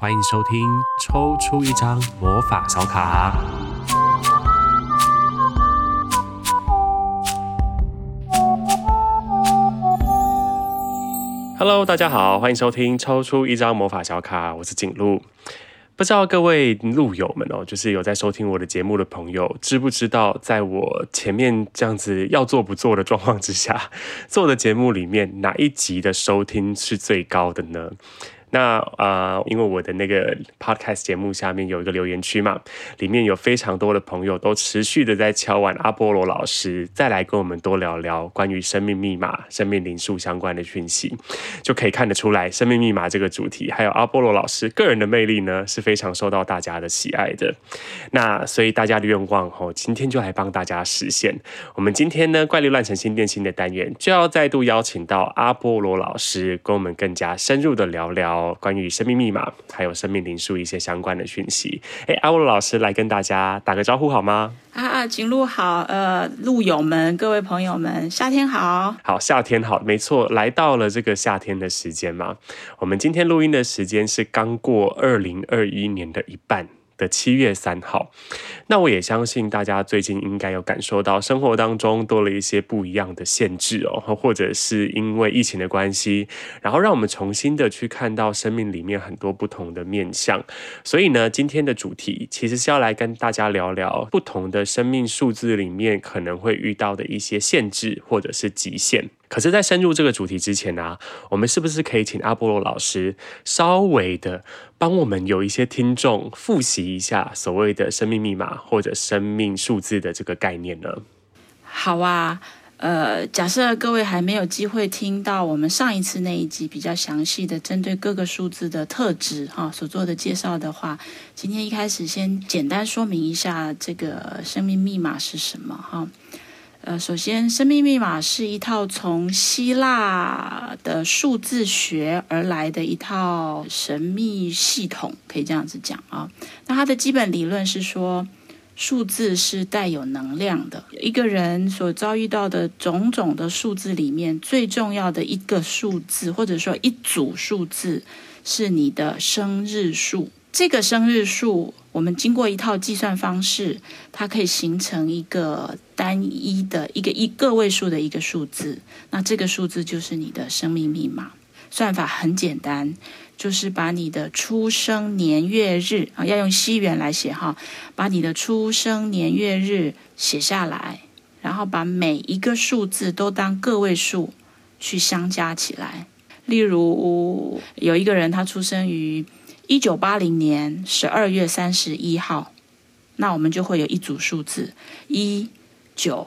歡迎收聽抽出一張魔法小卡。Hello，大家好，歡迎收聽抽出一張魔法小卡。我是景路。不知道各位路友們哦，就是有在收聽我的節目的朋友，知不知道在我前面這樣子要做不做的狀況之下，做的節目裡面，哪一集的收聽是最高的呢？那啊、呃，因為我的那個 podcast 節目下面有一個留言區嘛，裡面有非常多的朋友都持續的在敲碗阿波羅老師，再來跟我們多聊聊關於生命密碼、生命靈數相關的訊息，就可以看得出來，生命密碼這個主題，還有阿波羅老師個人的魅力呢，是非常受到大家的喜愛的。那所以大家的願望哦，今天就來幫大家實現。我們今天呢，怪力亂神心電心的單元就要再度邀請到阿波羅老師，跟我們更加深入的聊聊。哦，關於生命密碼還有生命靈數一些相關的訊息，哎、欸，阿波羅老師來跟大家打個招呼好嗎？啊，景錄好，呃，路友們，各位朋友們，夏天好，好，夏天好，沒錯，來到了這個夏天的時間嘛。我們今天錄音的時間是剛過二零二一年的一半。的七月三號，那我也相信大家最近應該有感受到生活當中多了一些不一樣的限制哦，或者是因為疫情的關係，然後讓我們重新的去看到生命裡面很多不同的面向。所以呢，今天的主題其實是要來跟大家聊聊不同的生命數字裡面可能會遇到的一些限制或者是極限。可是，在深入這個主題之前啊，我們是不是可以請阿波羅老師稍微的幫我們有一些聽眾複習一下所謂的生命密碼或者生命數字的這個概念呢？好啊，呃，假設各位還沒有機會聽到我們上一次那一集比較詳細的針對各個數字的特質哈所做的介紹的話，今天一開始先簡單說明一下這個生命密碼是什麼哈。呃，首先，生命密碼是一套從希臘的數字學而來的一套神秘系統，可以這樣子講啊。那它的基本理論是說，數字是帶有能量的。一個人所遭遇到的種種的數字裡面，最重要的一個數字，或者說一組數字，是你的生日數。這個生日數。我們經過一套計算方式，它可以形成一個單一的一個一個位數的一個數字。那這個數字就是你的生命密碼。算法很簡單，就是把你的出生年月日啊，要用西元來寫哈，把你的出生年月日寫下來，然後把每一個數字都當個位數去相加起來。例如，有一個人他出生於。一九八零年十二月三十一號，那我們就會有一組數字：一九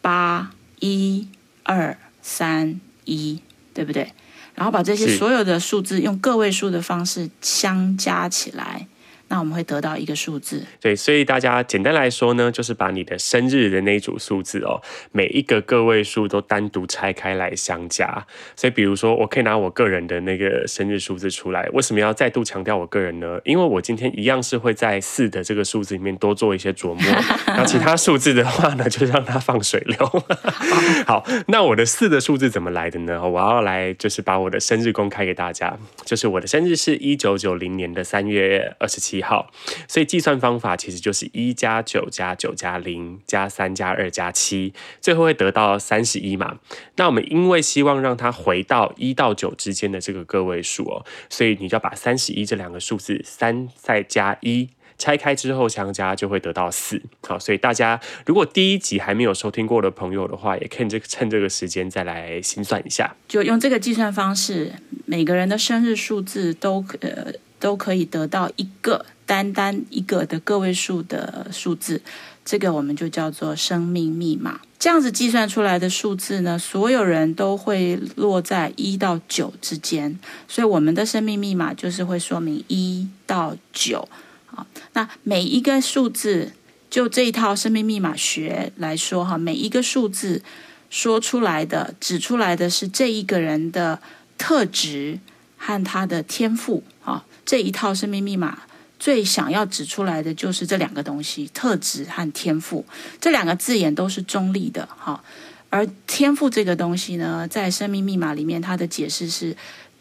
八一二三一，對不對？然後把這些所有的數字用個位數的方式相加起來。那我們會得到一個數字，對，所以大家簡單來說呢，就是把你的生日的那一組數字哦，每一個個位數都單獨拆開來相加。所以比如說，我可以拿我個人的那個生日數字出來。為什麼要再度強調我個人呢？因為我今天一樣是會在四的這個數字裡面多做一些琢磨，然 後其他數字的話呢，就讓它放水流。 好，那我的四的數字怎麼來的呢？我要來就是把我的生日公開給大家，就是我的生日是一九九零年的三月二十七。好，所以計算方法其實就是一加九加九加零加三加二加七，最後會得到三十一嘛。那我們因為希望讓它回到一到九之間的這個個位數哦，所以你就要把三十一這兩個數字三再加一拆開之後相加，就會得到四。好，所以大家如果第一集還沒有收聽過的朋友的話，也可以趁這個時間再來心算一下。就用這個計算方式，每個人的生日數字都呃。都可以得到一個單單一個的個位數的數字，這個我們就叫做生命密碼。這樣子計算出來的數字呢，所有人都會落在一到九之間，所以我們的生命密碼就是會說明一到九啊。好，那每一個數字，就這一套生命密碼學來說哈，每一個數字說出來的，指出來的是這一個人的特質和他的天賦啊。好這一套生命密碼最想要指出來的就是這兩個東西：特質和天賦。這兩個字眼都是中立的，哈。而天賦這個東西呢，在生命密碼裡面，它的解釋是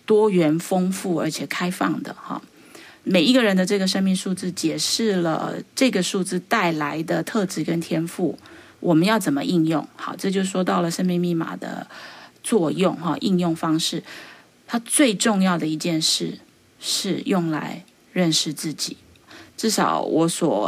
多元、豐富而且開放的，哈。每一個人的這個生命數字解釋了這個數字帶來的特質跟天賦，我們要怎麼應用？好，這就說到了生命密碼的作用，哈，應用方式。它最重要的一件事。是用來認識自己。至少我所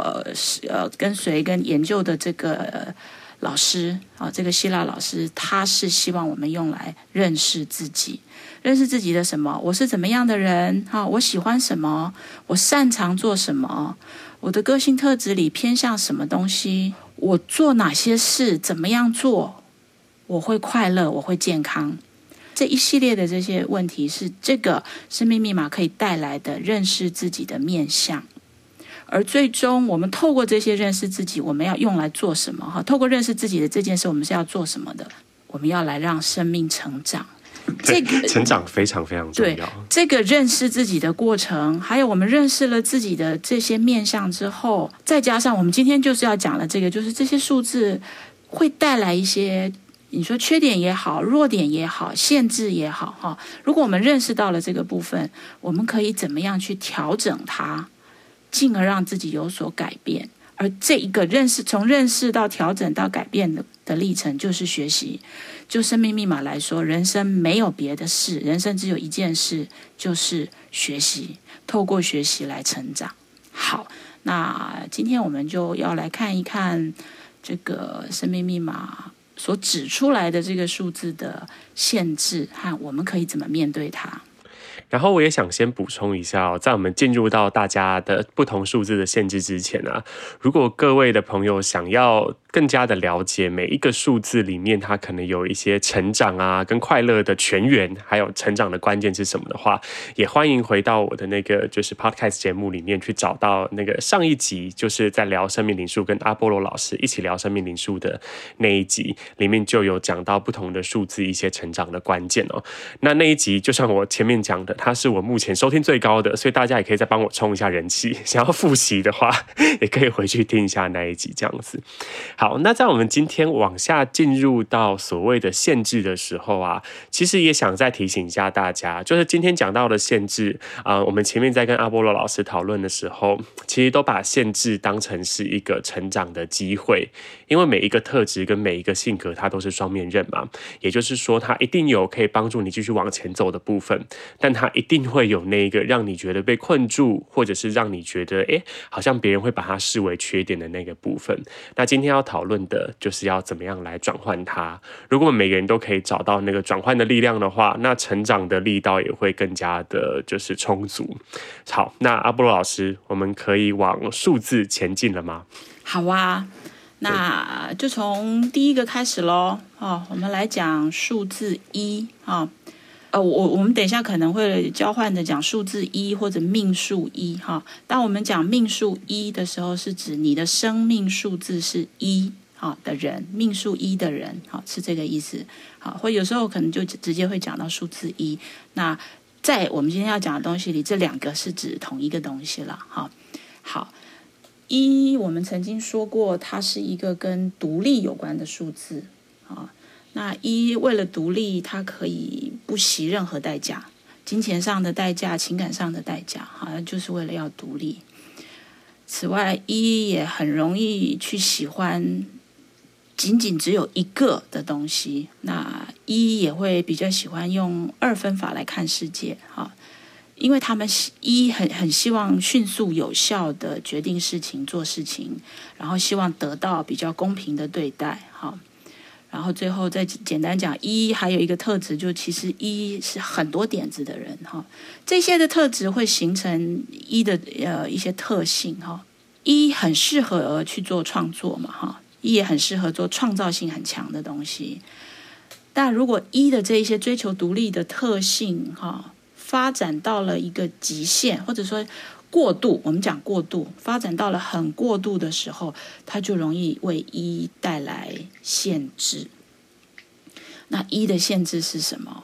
呃跟隨跟研究的這個、呃、老師啊，這個希臘老師，他是希望我們用來認識自己，認識自己的什麼？我是怎麼樣的人？哈、啊，我喜歡什麼？我擅長做什麼？我的個性特質裡偏向什麼東西？我做哪些事？怎麼樣做？我會快樂，我會健康。這一系列的這些問題，是這個生命密碼可以帶來的認識自己的面向，而最終我們透過這些認識自己，我們要用來做什麼？哈，透過認識自己的這件事，我們是要做什麼的？我們要來讓生命成長，這個成長非常非常重要。這個認識自己的過程，還有我們認識了自己的這些面向之後，再加上我們今天就是要講的這個，就是這些數字會帶來一些。你說缺點也好，弱點也好，限制也好，哈。如果我們認識到了這個部分，我們可以怎麼樣去調整它，進而讓自己有所改變？而這一個認識，從認識到調整到改變的的歷程，就是學習。就生命密碼來說，人生沒有別的事，人生只有一件事，就是學習。透過學習來成長。好，那今天我們就要來看一看這個生命密碼。所指出來的這個數字的限制，和我們可以怎麼面對它。然後我也想先補充一下、哦，在我們進入到大家的不同數字的限制之前呢、啊，如果各位的朋友想要更加的了解每一個數字裡面它可能有一些成長啊，跟快樂的泉源，還有成長的關鍵是什麼的話，也歡迎回到我的那個就是 podcast 節目裡面去找到那個上一集，就是在聊生命靈數跟阿波羅老師一起聊生命靈數的那一集裡面就有講到不同的數字一些成長的關鍵哦。那那一集就像我前面講的。它是我目前收聽最高的，所以大家也可以再幫我衝一下人氣。想要複習的話，也可以回去聽一下那一集這樣子。好，那在我們今天往下進入到所謂的限制的時候啊，其實也想再提醒一下大家，就是今天講到的限制啊，呃，我們前面在跟阿波羅老師討論的時候，其實都把限制當成是一個成長的機會，因為每一個特質跟每一個性格，它都是雙面刃嘛，也就是說，它一定有可以幫助你繼續往前走的部分，但它，一定會有那一個讓你覺得被困住，或者是讓你覺得誒，好像別人會把它視為缺點的那個部分。那今天要討論的就是要怎麼樣來轉換它。如果每個人都可以找到那個轉換的力量的話，那成長的力道也會更加的，就是充足。好，那阿波羅老師，我們可以往數字前進了嗎？好啊，那就從第一個開始嘍。哦，我們來講數字一啊。哦呃，我我們等一下可能會交換的，講數字一或者命數一哈。當我們講命數一的時候，是指你的生命數字是一啊的人，命數一的人哈，是這個意思。好，或有時候可能就直接會講到數字一。那在我們今天要講的東西裡，這兩個是指同一個東西了哈。好，一我們曾經說過，它是一個跟獨立有關的數字啊。哈那一為了獨立，他可以不惜任何代價，金錢上的代價、情感上的代價，好像就是為了要獨立。此外，一也很容易去喜歡僅僅只有一個的東西。那一也會比較喜歡用二分法來看世界，哈，因為他們一很很希望迅速有效的決定事情、做事情，然後希望得到比較公平的對待。然後最後再簡單講，一還有一個特質，就其實一是很多點子的人哈、哦，這些的特質會形成一的呃一些特性哈、哦。一很適合而去做創作嘛哈、哦，一也很適合做創造性很強的東西。但如果一的這一些追求獨立的特性哈、哦，發展到了一個極限，或者說，過度，我們講過度，發展到了很過度的時候，它就容易為一帶來限制。那一的限制是什麼？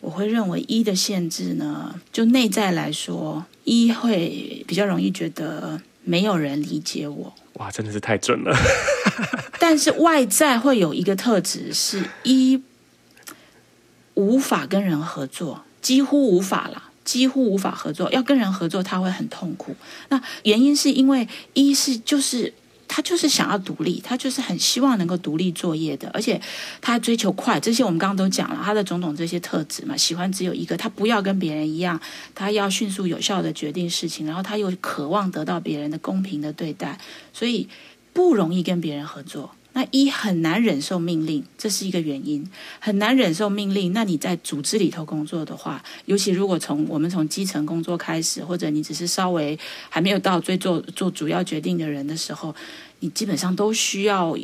我會認為一的限制呢，就內在來說，一會比較容易覺得沒有人理解我。哇，真的是太準了！ 但是外在會有一個特質是一無法跟人合作，幾乎無法啦。幾乎無法合作，要跟人合作他會很痛苦。那原因是因為一是就是他就是想要獨立，他就是很希望能夠獨立作業的，而且他追求快，這些我們剛剛都講了，他的總統這些特質嘛，喜歡只有一個，他不要跟別人一樣，他要迅速有效地決定事情，然後他又渴望得到別人的公平的對待，所以不容易跟別人合作。那一很難忍受命令，這是一個原因，很難忍受命令。那你在組織裡頭工作的話，尤其如果從我們從基層工作開始，或者你只是稍微還沒有到最做做主要決定的人的時候，你基本上都需要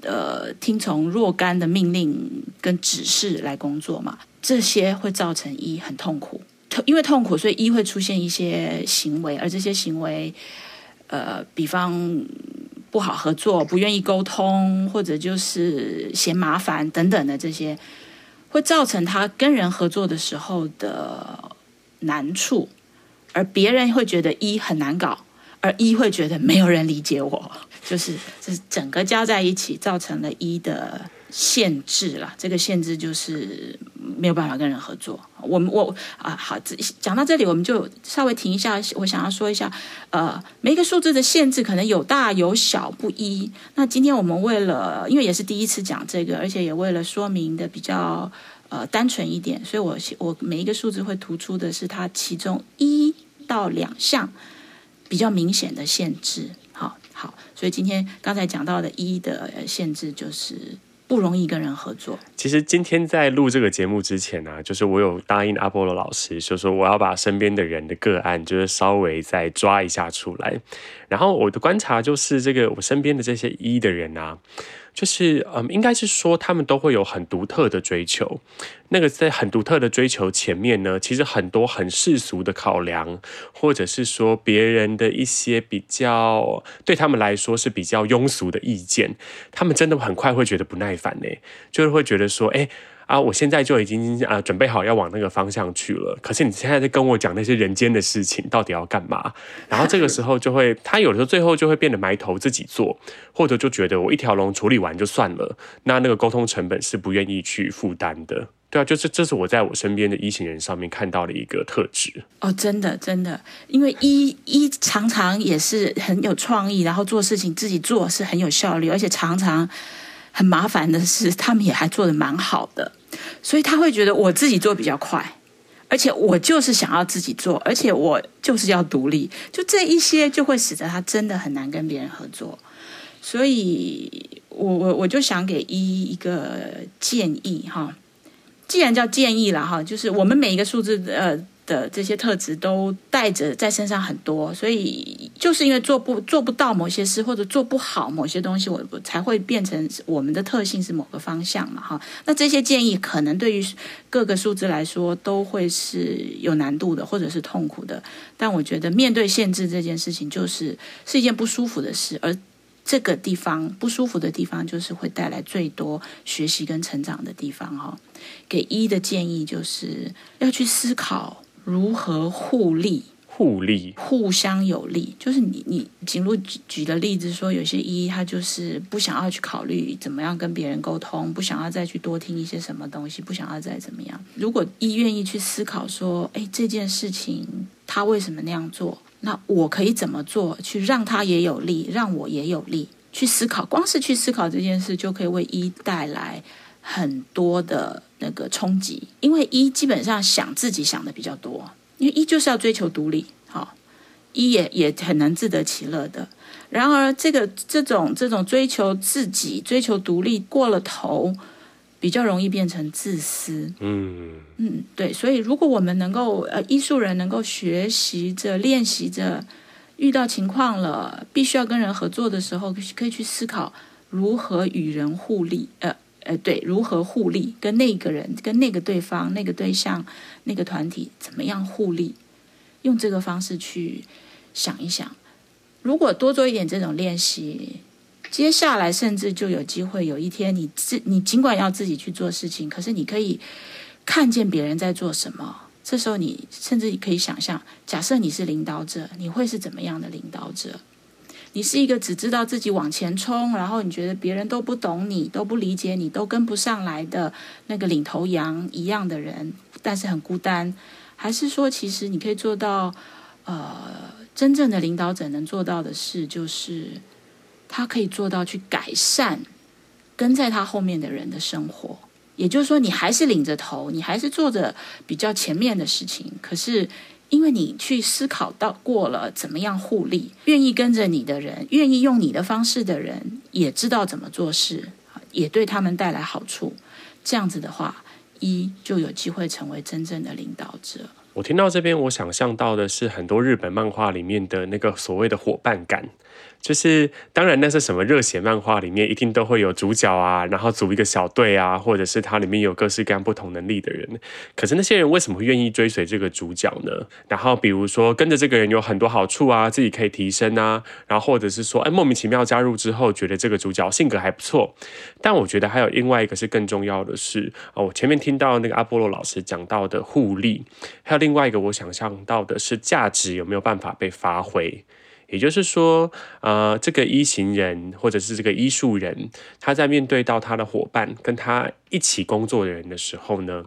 呃聽從若干的命令跟指示來工作嘛。這些會造成一很痛苦，因為痛苦，所以一會出現一些行為，而這些行為，呃，比方。不好合作，不願意溝通，或者就是嫌麻煩等等的這些，會造成他跟人合作的時候的難處，而別人會覺得一很難搞，而一會覺得沒有人理解我，就是這、就是、整個加在一起造成了一的限制了，這個限制就是沒有辦法跟人合作。我們我啊，好，講到這裡我們就稍微停一下。我想要說一下，呃，每一個數字的限制可能有大有小不一。那今天我們為了，因為也是第一次講這個，而且也為了說明的比較呃單純一點，所以我我每一個數字會突出的是它其中一到兩項比較明顯的限制。好好，所以今天剛才講到的一的限制就是。不容易跟人合作。其實今天在錄這個節目之前呢、啊，就是我有答應阿波羅老師，就是說我要把身邊的人的個案，就是稍微再抓一下出來。然後我的觀察就是，這個我身邊的這些一的人啊。就是，嗯，應該是說他們都會有很獨特的追求，那個在很獨特的追求前面呢，其實很多很世俗的考量，或者是說別人的一些比較，對他們來說是比較庸俗的意見，他們真的很快會覺得不耐煩欸，就是會覺得說，欸。啊，我現在就已經啊，準備好要往那個方向去了。可是你現在在跟我講那些人間的事情，到底要幹嘛？然後這個時候就會，他有的時候最後就會變得埋頭自己做，或者就覺得我一條龍處理完就算了。那那個溝通成本是不願意去負擔的。對啊，就是這是我在我身邊的一行人上面看到的一個特質。哦，真的真的，因為一一常常也是很有創意，然後做事情自己做是很有效率，而且常常。很麻煩的是，他們也還做得蠻好的，所以他會覺得我自己做比較快，而且我就是想要自己做，而且我就是要獨立，就這一些就會使得他真的很難跟別人合作，所以我我我就想給一一個建議哈，既然叫建議了哈，就是我們每一個數字呃。的這些特質都帶着在身上很多，所以就是因為做不做不到某些事，或者做不好某些東西，我，我才會變成我們的特性是某個方向嘛，哈。那這些建議可能對於各個數字來說都會是有難度的，或者是痛苦的。但我覺得面對限制這件事情，就是是一件不舒服的事，而這個地方不舒服的地方，就是會帶來最多學習跟成長的地方，哈。給一的建議就是要去思考。如何互利？互利，互相有利。就是你，你景露舉舉的例子說，有些一他就是不想要去考慮怎麼樣跟別人溝通，不想要再去多聽一些什麼東西，不想要再怎麼樣。如果一願意去思考說，哎，這件事情他為什麼那樣做？那我可以怎麼做去讓他也有利，讓我也有利？去思考，光是去思考這件事，就可以為一帶來很多的那個衝擊，因為一基本上想自己想的比較多，因為一就是要追求獨立，好、哦、一也也很難自得其樂的。然而、這個，這個這種這種追求自己、追求獨立過了頭，比較容易變成自私。嗯嗯，對。所以，如果我們能夠呃，一數人能夠學習着、練習着，遇到情況了，必須要跟人合作的時候，可以可以去思考如何與人互利。呃。呃，對，如何互利？跟那個人、跟那個對方、那個對象、那個團體，怎麼樣互利？用這個方式去想一想。如果多做一點這種練習，接下來甚至就有機會，有一天你，你自你儘管要自己去做事情，可是你可以看見別人在做什麼。這時候你甚至可以想象，假設你是領導者，你會是怎麼樣的領導者？你是一個只知道自己往前衝，然後你覺得別人都不懂你、都不理解你、都跟不上來的那個領頭羊一樣的人，但是很孤單。還是說，其實你可以做到，呃，真正的領導者能做到的事，就是他可以做到去改善跟在他後面的人的生活。也就是說，你還是領着頭，你還是做着比較前面的事情，可是因為你去思考到過了，怎麼樣互利？願意跟着你的人，願意用你的方式的人，也知道怎麼做事，也對他們帶來好處。這樣子的話，一就有機會成為真正的領導者。我聽到這邊，我想象到的是很多日本漫畫裡面的那個所謂的夥伴感。就是當然，那是什麼熱血漫畫裡面一定都會有主角啊，然後組一個小隊啊，或者是它裡面有各式各樣不同能力的人。可是那些人為什麼會願意追隨這個主角呢？然後比如說跟着這個人有很多好處啊，自己可以提升啊，然後或者是說，哎，莫名其妙加入之後覺得這個主角性格還不錯。但我覺得還有另外一個是更重要的是，哦，我前面聽到那個阿波羅老師講到的互利，還有另外一個我想象到的是價值有沒有辦法被發揮。也就是說，呃，這個一型人或者是這個一數人，他在面對到他的夥伴跟他一起工作的人的時候呢，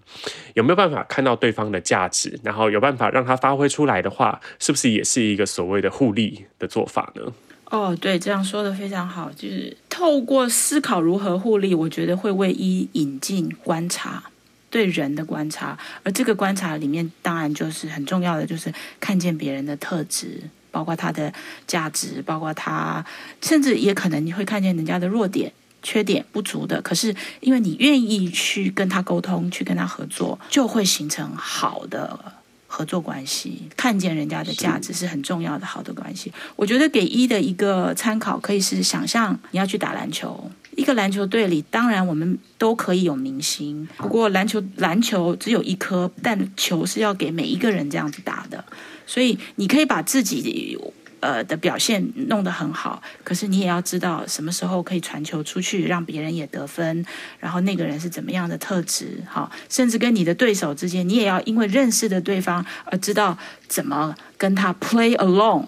有沒有辦法看到對方的價值，然後有辦法讓他發揮出來的話，是不是也是一個所謂的互利的做法呢？哦，對，這樣說的非常好，就是透過思考如何互利，我覺得會為一引進觀察，對人的觀察，而這個觀察裡面，當然就是很重要的，就是看見別人的特質。包括他的價值，包括他，甚至也可能你會看見人家的弱點、缺點、不足的。可是，因為你願意去跟他溝通，去跟他合作，就會形成好的合作關係。看見人家的價值是很重要的，好的關係。我覺得給一的一個參考，可以是想象你要去打籃球，一個籃球隊裡，當然我們都可以有明星。不過籃球，籃球只有一顆，但球是要給每一個人這樣子打的。所以你可以把自己的，呃，的表現弄得很好，可是你也要知道什麼時候可以傳球出去，讓別人也得分。然後那個人是怎麼樣的特質，好，甚至跟你的對手之間，你也要因為認識的對方而知道怎麼跟他 play along。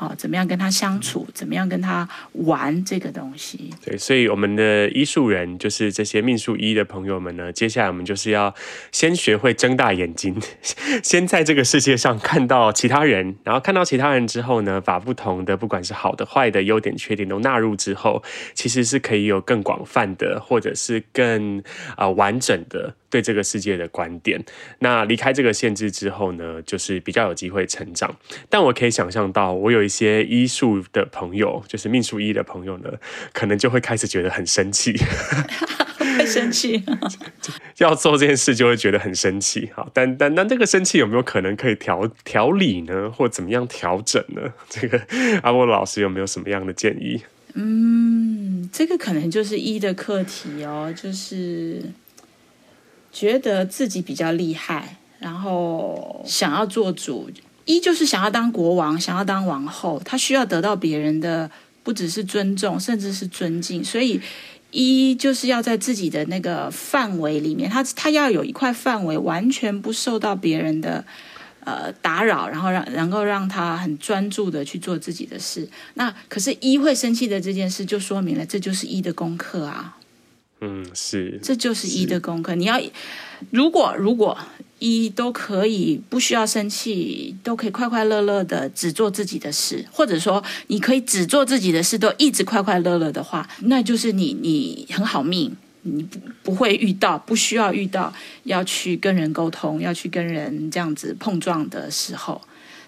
好，怎麼樣跟他相處？怎麼樣跟他玩這個東西？對，所以我們的醫術人就是這些命數一的朋友們呢。接下來我們就是要先學會睜大眼睛，先在這個世界上看到其他人。然後看到其他人之後呢，把不同的，不管是好的、壞的、優點、缺點都納入之後，其實是可以有更廣泛的，或者是更啊、呃、完整的對這個世界的觀點。那離開這個限制之後呢，就是比較有機會成長。但我可以想象到，我有。一些醫術的朋友，就是命數一的朋友呢，可能就會開始覺得很生氣， 會生氣氣 ，要做這件事就會覺得很生氣。好，但但那這個生氣有沒有可能可以調調理呢，或怎麼樣調整呢？這個阿波羅、啊、老師有沒有什麼樣的建議？嗯，這個可能就是一的課題哦，就是覺得自己比較厲害，然後想要做主。一就是想要當國王，想要當王後，他需要得到別人的不只是尊重，甚至是尊敬。所以一就是要在自己的那個範圍裡面，他他要有一塊範圍，完全不受到別人的呃打擾，然後讓能夠讓他很專注的去做自己的事。那可是一會生氣的這件事，就說明了這就是一的功課啊。嗯，是，這就是一的功課。你要如果如果。如果一都可以不需要生氣，都可以快快樂樂的，只做自己的事，或者說你可以只做自己的事，都一直快快樂樂的話，那就是你你很好命，你不，不會遇到，不需要遇到要去跟人溝通，要去跟人這樣子碰撞的時候，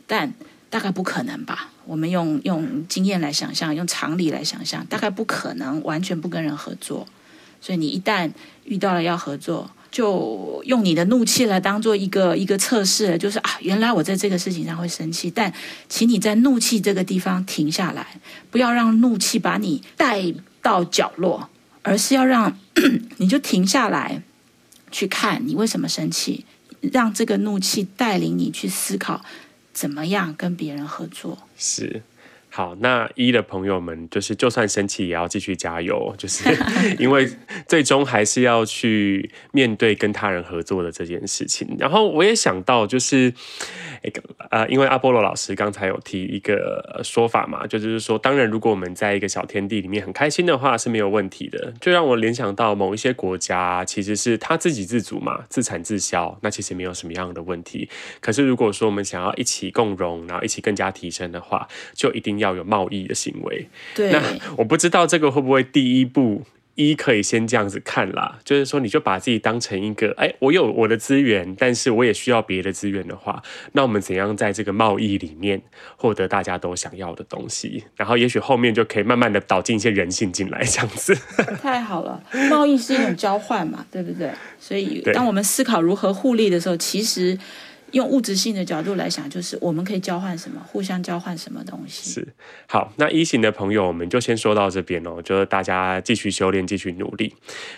但大概不可能吧？我們用用經驗來想象，用常理來想象，大概不可能完全不跟人合作，所以你一旦遇到了要合作。就用你的怒氣來當做一個一個測試，就是啊，原來我在這個事情上會生氣，但請你在怒氣這個地方停下來，不要讓怒氣把你帶到角落，而是要讓你就停下來去看你為什麼生氣，讓這個怒氣帶領你去思考怎麼樣跟別人合作。是。好，那一的朋友們，就是就算生氣也要繼續加油，就是因為最終還是要去面對跟他人合作的這件事情。然後我也想到，就是。啊，因為阿波羅老師剛才有提一個說法嘛，就是說，當然，如果我們在一個小天地裡面很開心的話是沒有問題的，就讓我聯想到某一些國家其實是它自給自足嘛，自產自銷，那其實沒有什麼樣的問題。可是如果說我們想要一起共榮，然後一起更加提升的話，就一定要有貿易的行為。對，那我不知道這個會不會第一步。一可以先這樣子看啦，就是說，你就把自己當成一個，哎、欸，我有我的資源，但是我也需要別的資源的話，那我們怎樣在這個貿易裡面獲得大家都想要的東西？然後，也許後面就可以慢慢的導進一些人性進來，這樣子。太好了，貿易是一種交換嘛， 對不對？所以，當我們思考如何互利的時候，其實。用物質性的角度來想，就是我們可以交換什麼，互相交換什麼東西。是，好，那一型的朋友，我們就先說到這邊嘍。就是大家繼續修煉，繼續努力。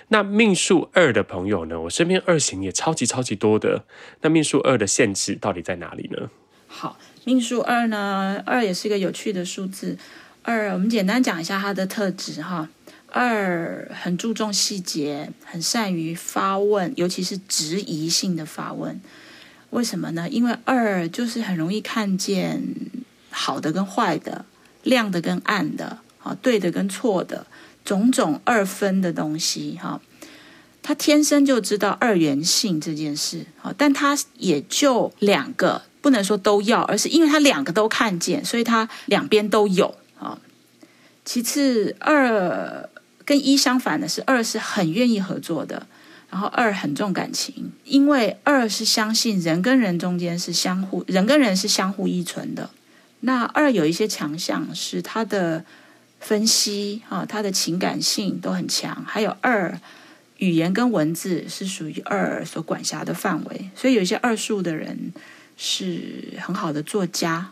那命數二的朋友呢？我身邊二型也超級超級多的。那命數二的限制到底在哪裡呢？好，命數二呢，二也是一個有趣的數字。二，我們簡單講一下它的特質哈。二很注重細節，很善於發問，尤其是質疑性的發問。為什麼呢？因為二就是很容易看見好的跟壞的、亮的跟暗的、啊，對的跟錯的，種種二分的東西。哈，他天生就知道二元性這件事。啊，但他也就兩個，不能說都要，而是因為他兩個都看見，所以他兩邊都有。啊，其次，二跟一相反的是，二是很願意合作的。然後二很重感情，因為二是相信人跟人中間是相互，人跟人是相互依存的。那二有一些強項是他的分析啊、哦，他的情感性都很強。還有二，語言跟文字是屬於二所管轄的範圍，所以有些二數的人是很好的作家，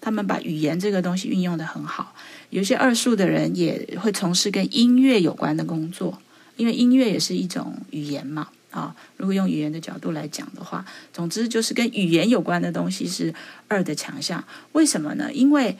他們把語言這個東西運用的很好。有些二數的人也會從事跟音樂有關的工作。因為音樂也是一種語言嘛，啊、哦，如果用語言的角度來講的話，總之就是跟語言有關的東西是二的強項。為什麼呢？因為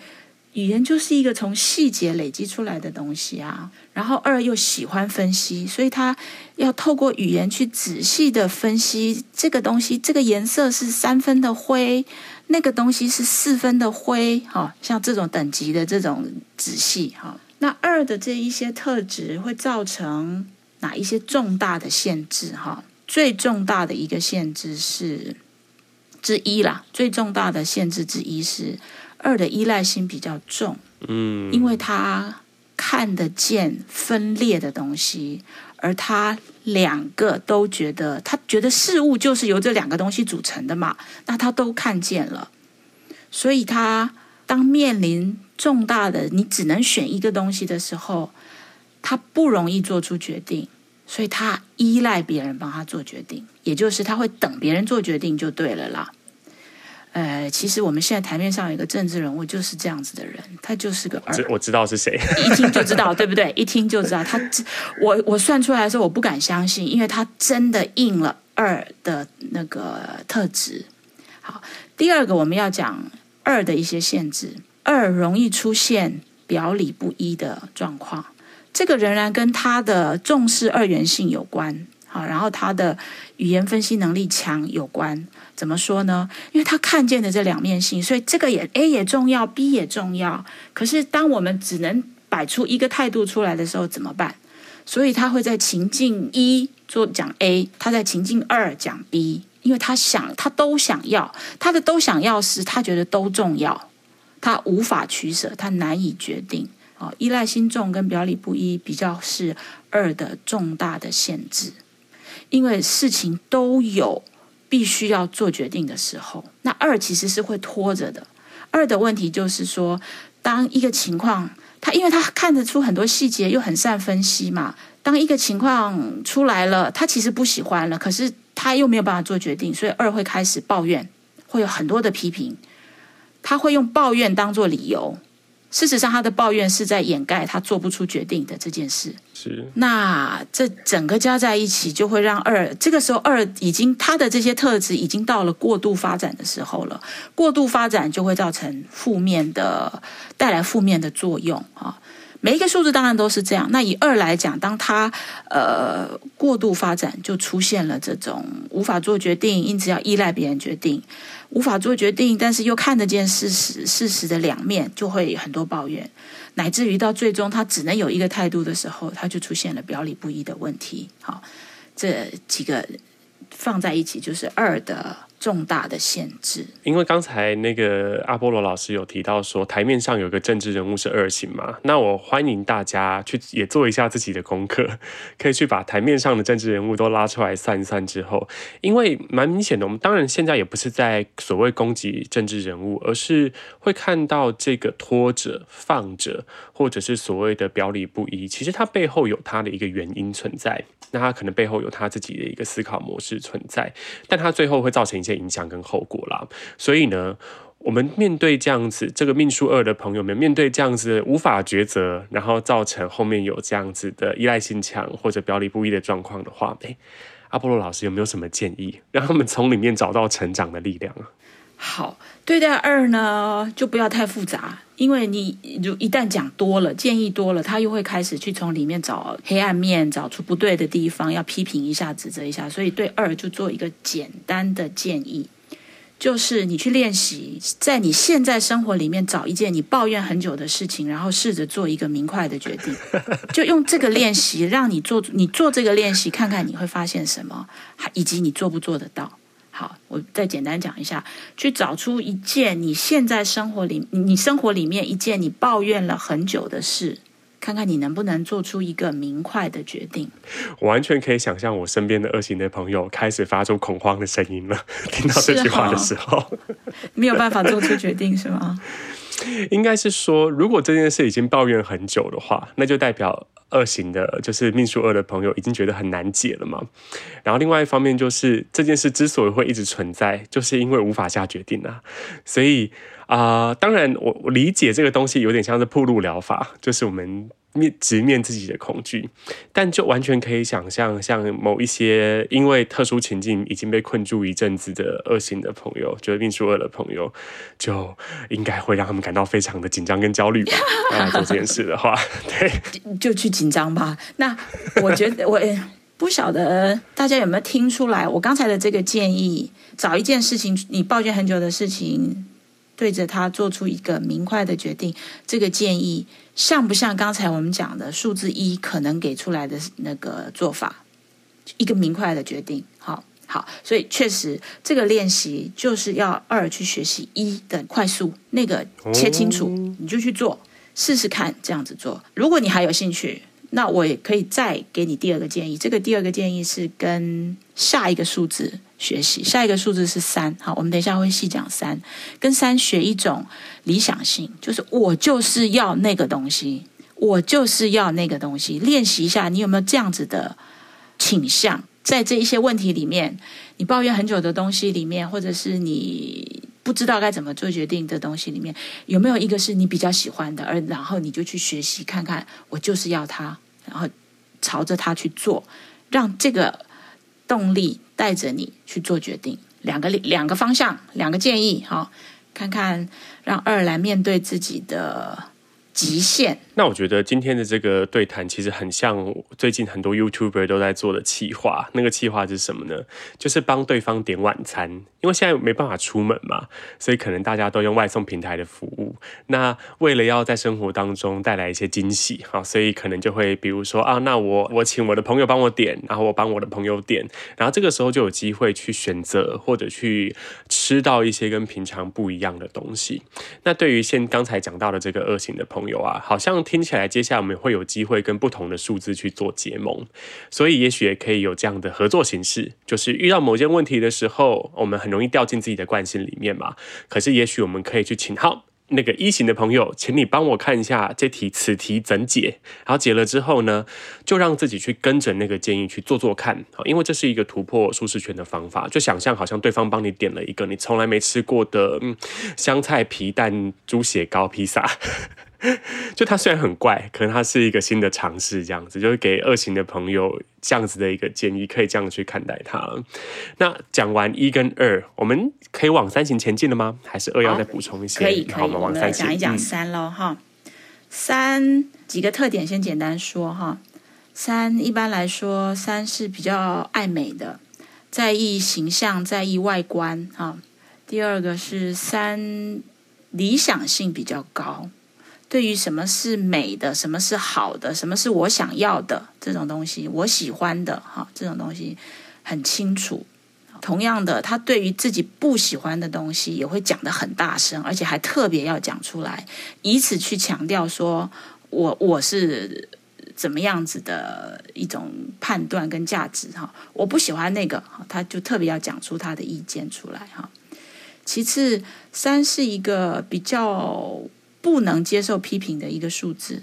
語言就是一個從細節累積出來的東西啊。然後二又喜歡分析，所以他要透過語言去仔細的分析這個東西。這個顏色是三分的灰，那個東西是四分的灰，哈、哦，像這種等級的這種仔細，哈、哦。那二的這一些特質會造成。哪一些重大的限制？哈，最重大的一個限制是之一啦。最重大的限制之一是二的依賴性比較重，嗯，因為他看得見分裂的東西，而他兩個都覺得，他覺得事物就是由這兩個東西組成的嘛，那他都看見了，所以他當面臨重大的，你只能選一個東西的時候，他不容易做出決定。所以他依賴別人幫他做決定，也就是他會等別人做決定就對了啦。呃，其實我們現在台面上有一個政治人物就是這樣子的人，他就是個二，我知道是誰， 一聽就知道，對不對？一聽就知道。他我我算出來的時候，我不敢相信，因為他真的應了二的那個特質。好，第二個我們要講二的一些限制，二容易出現表裡不一的狀況。這個仍然跟他的重視二元性有關，好，然後他的語言分析能力強有關。怎麼說呢？因為他看見的這兩面性，所以這個也 A 也重要，B 也重要。可是當我們只能擺出一個態度出來的時候，怎麼辦？所以他會在情境一做講 A，他在情境二講 B，因為他想他都想要，他的都想要是，他覺得都重要，他無法取捨，他難以決定。依賴心重跟表裡不一比較是二的重大的限制，因為事情都有必須要做決定的時候，那二其實是會拖着的。二的問題就是說，當一個情況，他因為他看得出很多細節，又很善分析嘛，當一個情況出來了，他其實不喜歡了，可是他又沒有辦法做決定，所以二會開始抱怨，會有很多的批評，他會用抱怨當做理由。事實上，他的抱怨是在掩蓋他做不出決定的這件事。是，那這整個加在一起，就會讓二這個時候，二已經他的這些特質已經到了過度發展的時候了。過度發展就會造成負面的，帶來負面的作用啊。每一個數字當然都是這樣。那以二來講，當他呃過度發展，就出現了這種無法做決定，因此要依賴別人決定。無法做決定，但是又看得見事實，事實的兩面，就會很多抱怨，乃至於到最終他只能有一個態度的時候，他就出現了表裡不一的問題。好，這幾個放在一起就是二的重大的限制。因為剛才那個阿波羅老師有提到說，台面上有個政治人物是二型嘛，那我歡迎大家去也做一下自己的功課，可以去把台面上的政治人物都拉出來算一算之後，因為蠻明顯的，我們當然現在也不是在所謂攻擊政治人物，而是會看到這個拖着放着，或者是所謂的表裡不一，其實它背後有它的一個原因存在，那他可能背後有他自己的一個思考模式存在，但他最後會造成一些。影響跟後果啦，所以呢，我們面對這樣子這個命數二的朋友們，面對這樣子無法抉擇，然後造成後面有這樣子的依賴性強或者表裡不一的狀況的話，欸，阿波羅老師有沒有什麼建議，讓他們從裡面找到成長的力量啊？好。對待二呢，就不要太複雜，因為你如一旦講多了，建議多了，他又會開始去從裡面找黑暗面，找出不對的地方，要批評一下、指責一下。所以對二就做一個簡單的建議，就是你去練習，在你現在生活裡面找一件你抱怨很久的事情，然後試着做一個明快的決定，就用這個練習讓你做，你做這個練習，看看你會發現什麼，還以及你做不做得到。好，我再簡單講一下，去找出一件你現在生活裡、你生活裡面一件你抱怨了很久的事，看看你能不能做出一個明快的決定。我完全可以想象，我身邊的惡行的朋友開始發出恐慌的聲音了。聽到這句話的時候，哦、 沒有辦法做出決定，是嗎？應該是說，如果這件事已經抱怨很久的話，那就代表二型的，就是命數二的朋友已經覺得很難解了嘛。然後另外一方面就是，這件事之所以會一直存在，就是因為無法下決定啊。所以。啊、呃，當然我，我我理解這個東西有點像是暴露療法，就是我們面直面自己的恐懼。但就完全可以想象像某一些因為特殊情境已經被困住一陣子的惡性的朋友，就是命數二的朋友，就應該會讓他們感到非常的緊張跟焦慮吧。做、 啊、這件事的話，對就，就去緊張吧。那我覺得， 我不曉得大家有沒有聽出來，我剛才的這個建議，找一件事情你抱怨很久的事情。對着他做出一個明快的決定，這個建議像不像剛才我們講的數字一可能給出來的那個做法？一個明快的決定，好，好，所以確實這個練習就是要二去學習一的快速，那個切清楚，你就去做試試看，這樣子做。如果你還有興趣，那我也可以再給你第二個建議。這個第二個建議是跟下一個數字。學習下一個數字是三，好，我們等一下會細講三，跟三學一種理想性，就是我就是要那個東西，我就是要那個東西。練習一下，你有沒有這樣子的傾向？在這一些問題裡面，你抱怨很久的東西裡面，或者是你不知道該怎麼做決定的東西裡面，有沒有一個是你比較喜歡的？而然後你就去學習看看，我就是要它，然後朝着它去做，讓這個。動力帶着你去做決定，兩個兩個方向，兩個建議，好、哦，看看讓二來面對自己的極限。那我覺得今天的這個對談其實很像最近很多 YouTuber 都在做的企劃，那個企劃是什麼呢？就是幫對方點晚餐，因為現在沒辦法出門嘛，所以可能大家都用外送平台的服務。那為了要在生活當中帶來一些驚喜，好，所以可能就會比如說啊，那我我請我的朋友幫我點，然後我幫我的朋友點，然後這個時候就有機會去選擇或者去吃到一些跟平常不一樣的東西。那對於現剛才講到的這個二型的朋友啊，好像。聽起來，接下來我們會有機會跟不同的數字去做結盟，所以也許也可以有這樣的合作形式。就是遇到某件問題的時候，我們很容易掉進自己的慣性裡面嘛。可是也許我們可以去請好那個一型的朋友，請你幫我看一下這題，此題怎解？然後解了之後呢，就讓自己去跟着那個建議去做做看。好，因為這是一個突破舒適圈的方法。就想象好像對方幫你點了一個你從來沒吃過的，嗯，香菜皮蛋豬血糕披薩。 就他雖然很怪，可能他是一個新的嘗試，這樣子就是給二型的朋友這樣子的一個建議，可以這樣去看待他。那講完一跟二，我們可以往三型前進了嗎？還是二要再補充一些？哦，可以，可以，往三我們來講一講三咯。哈、嗯，三幾個特點先簡單說哈。三一般來說，三是比較愛美的，在意形象，在意外觀啊。第二個是三理想性比較高。對於什麼是美的，什麼是好的，什麼是我想要的這種東西，我喜歡的哈，這種東西很清楚。同樣的，他對於自己不喜歡的東西也會講得很大聲，而且還特別要講出來，以此去強調說我我是怎麼樣子的一種判斷跟價值哈。我不喜歡那個，他就特別要講出他的意見出來哈。其次，三是一個比較。不能接受批評的一個數字，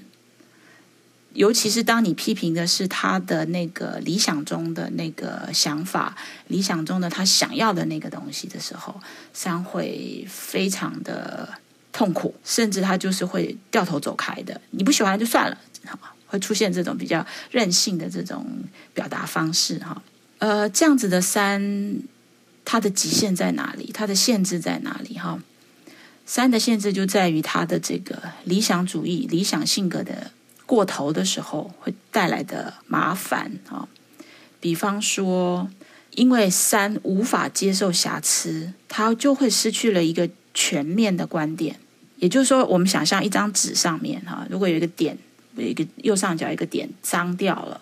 尤其是當你批評的是他的那個理想中的那個想法，理想中的他想要的那個東西的時候，三會非常的痛苦，甚至他就是會掉頭走開的。你不喜歡就算了，會出現這種比較任性的這種表達方式哈。呃，這樣子的三，它的極限在哪裡？它的限製在哪裡？哈。三的限制就在於他的這個理想主義、理想性格的過頭的時候，會帶來的麻煩啊、哦。比方說，因為三無法接受瑕疵，他就會失去了一個全面的觀點。也就是說，我們想象一張紙上面哈、啊，如果有一個點，有一個右上角一個點髒掉了，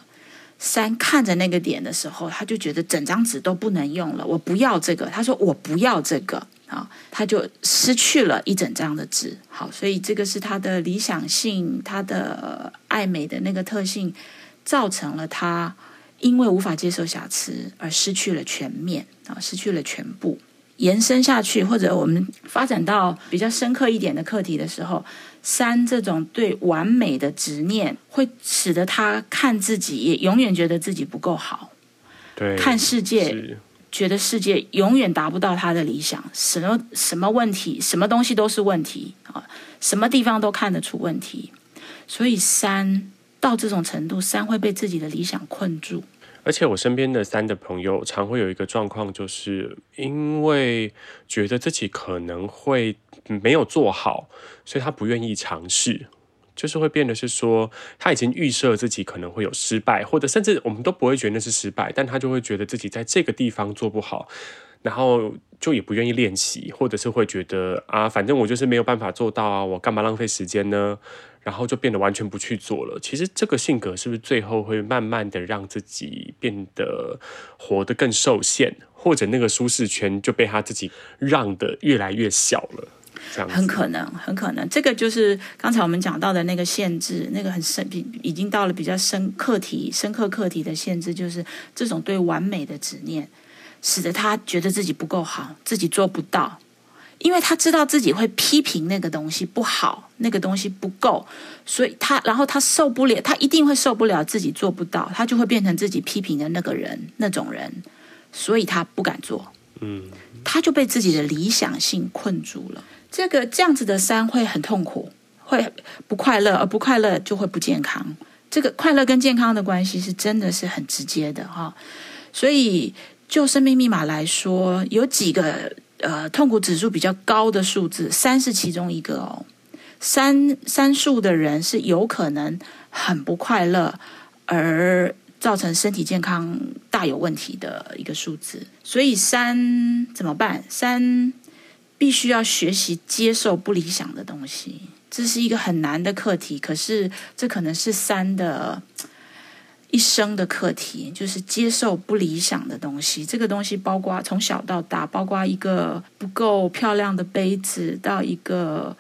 三看着那個點的時候，他就覺得整張紙都不能用了。我不要這個，他說我不要這個。啊，他就失去了一整張的紙。好，所以這個是他的理想性，他的愛、呃、美的那個特性，造成了他因為無法接受瑕疵而失去了全面啊，失去了全部。延伸下去，或者我們發展到比較深刻一點的課題的時候，三這種對完美的執念，會使得他看自己也永遠覺得自己不夠好，對，看世界。覺得世界永遠達不到他的理想，什麼什麼問題，什麼東西都是問題啊，什麼地方都看得出問題。所以三到這種程度，三會被自己的理想困住。而且我身邊的三的朋友，常會有一個狀況，就是因為覺得自己可能會沒有做好，所以他不願意嘗試。就是會變得是說，他已經預設自己可能會有失敗，或者甚至我們都不會覺得那是失敗，但他就會覺得自己在這個地方做不好，然後就也不願意練習，或者是會覺得啊，反正我就是沒有辦法做到啊，我干嘛浪費時間呢？然後就變得完全不去做了。其實這個性格是不是最後會慢慢的讓自己變得活得更受限，或者那個舒適圈就被他自己讓得越來越小了？很可能，很可能，這個就是剛才我們講到的那個限制，那個很深，已經到了比較深刻題、深刻課題的限制，就是這種對完美的執念，使得他覺得自己不夠好，自己做不到，因為他知道自己會批評那個東西不好，那個東西不夠，所以他，然後他受不了，他一定會受不了自己做不到，他就會變成自己批評的那個人，那種人，所以他不敢做，嗯，他就被自己的理想性困住了。這個這樣子的三會很痛苦，會不快樂，而不快樂就會不健康。這個快樂跟健康的關係是真的是很直接的哈、哦。所以就生命密碼來說，有幾個呃痛苦指數比較高的數字，三是其中一個哦。三三數的人是有可能很不快樂，而造成身體健康大有問題的一個數字。所以三怎麼辦？三。必須要學習接受不理想的東西，這是一個很難的課題。可是，這可能是三的一生的課題，就是接受不理想的東西。這個東西包括從小到大，包括一個不夠漂亮的杯子到一個。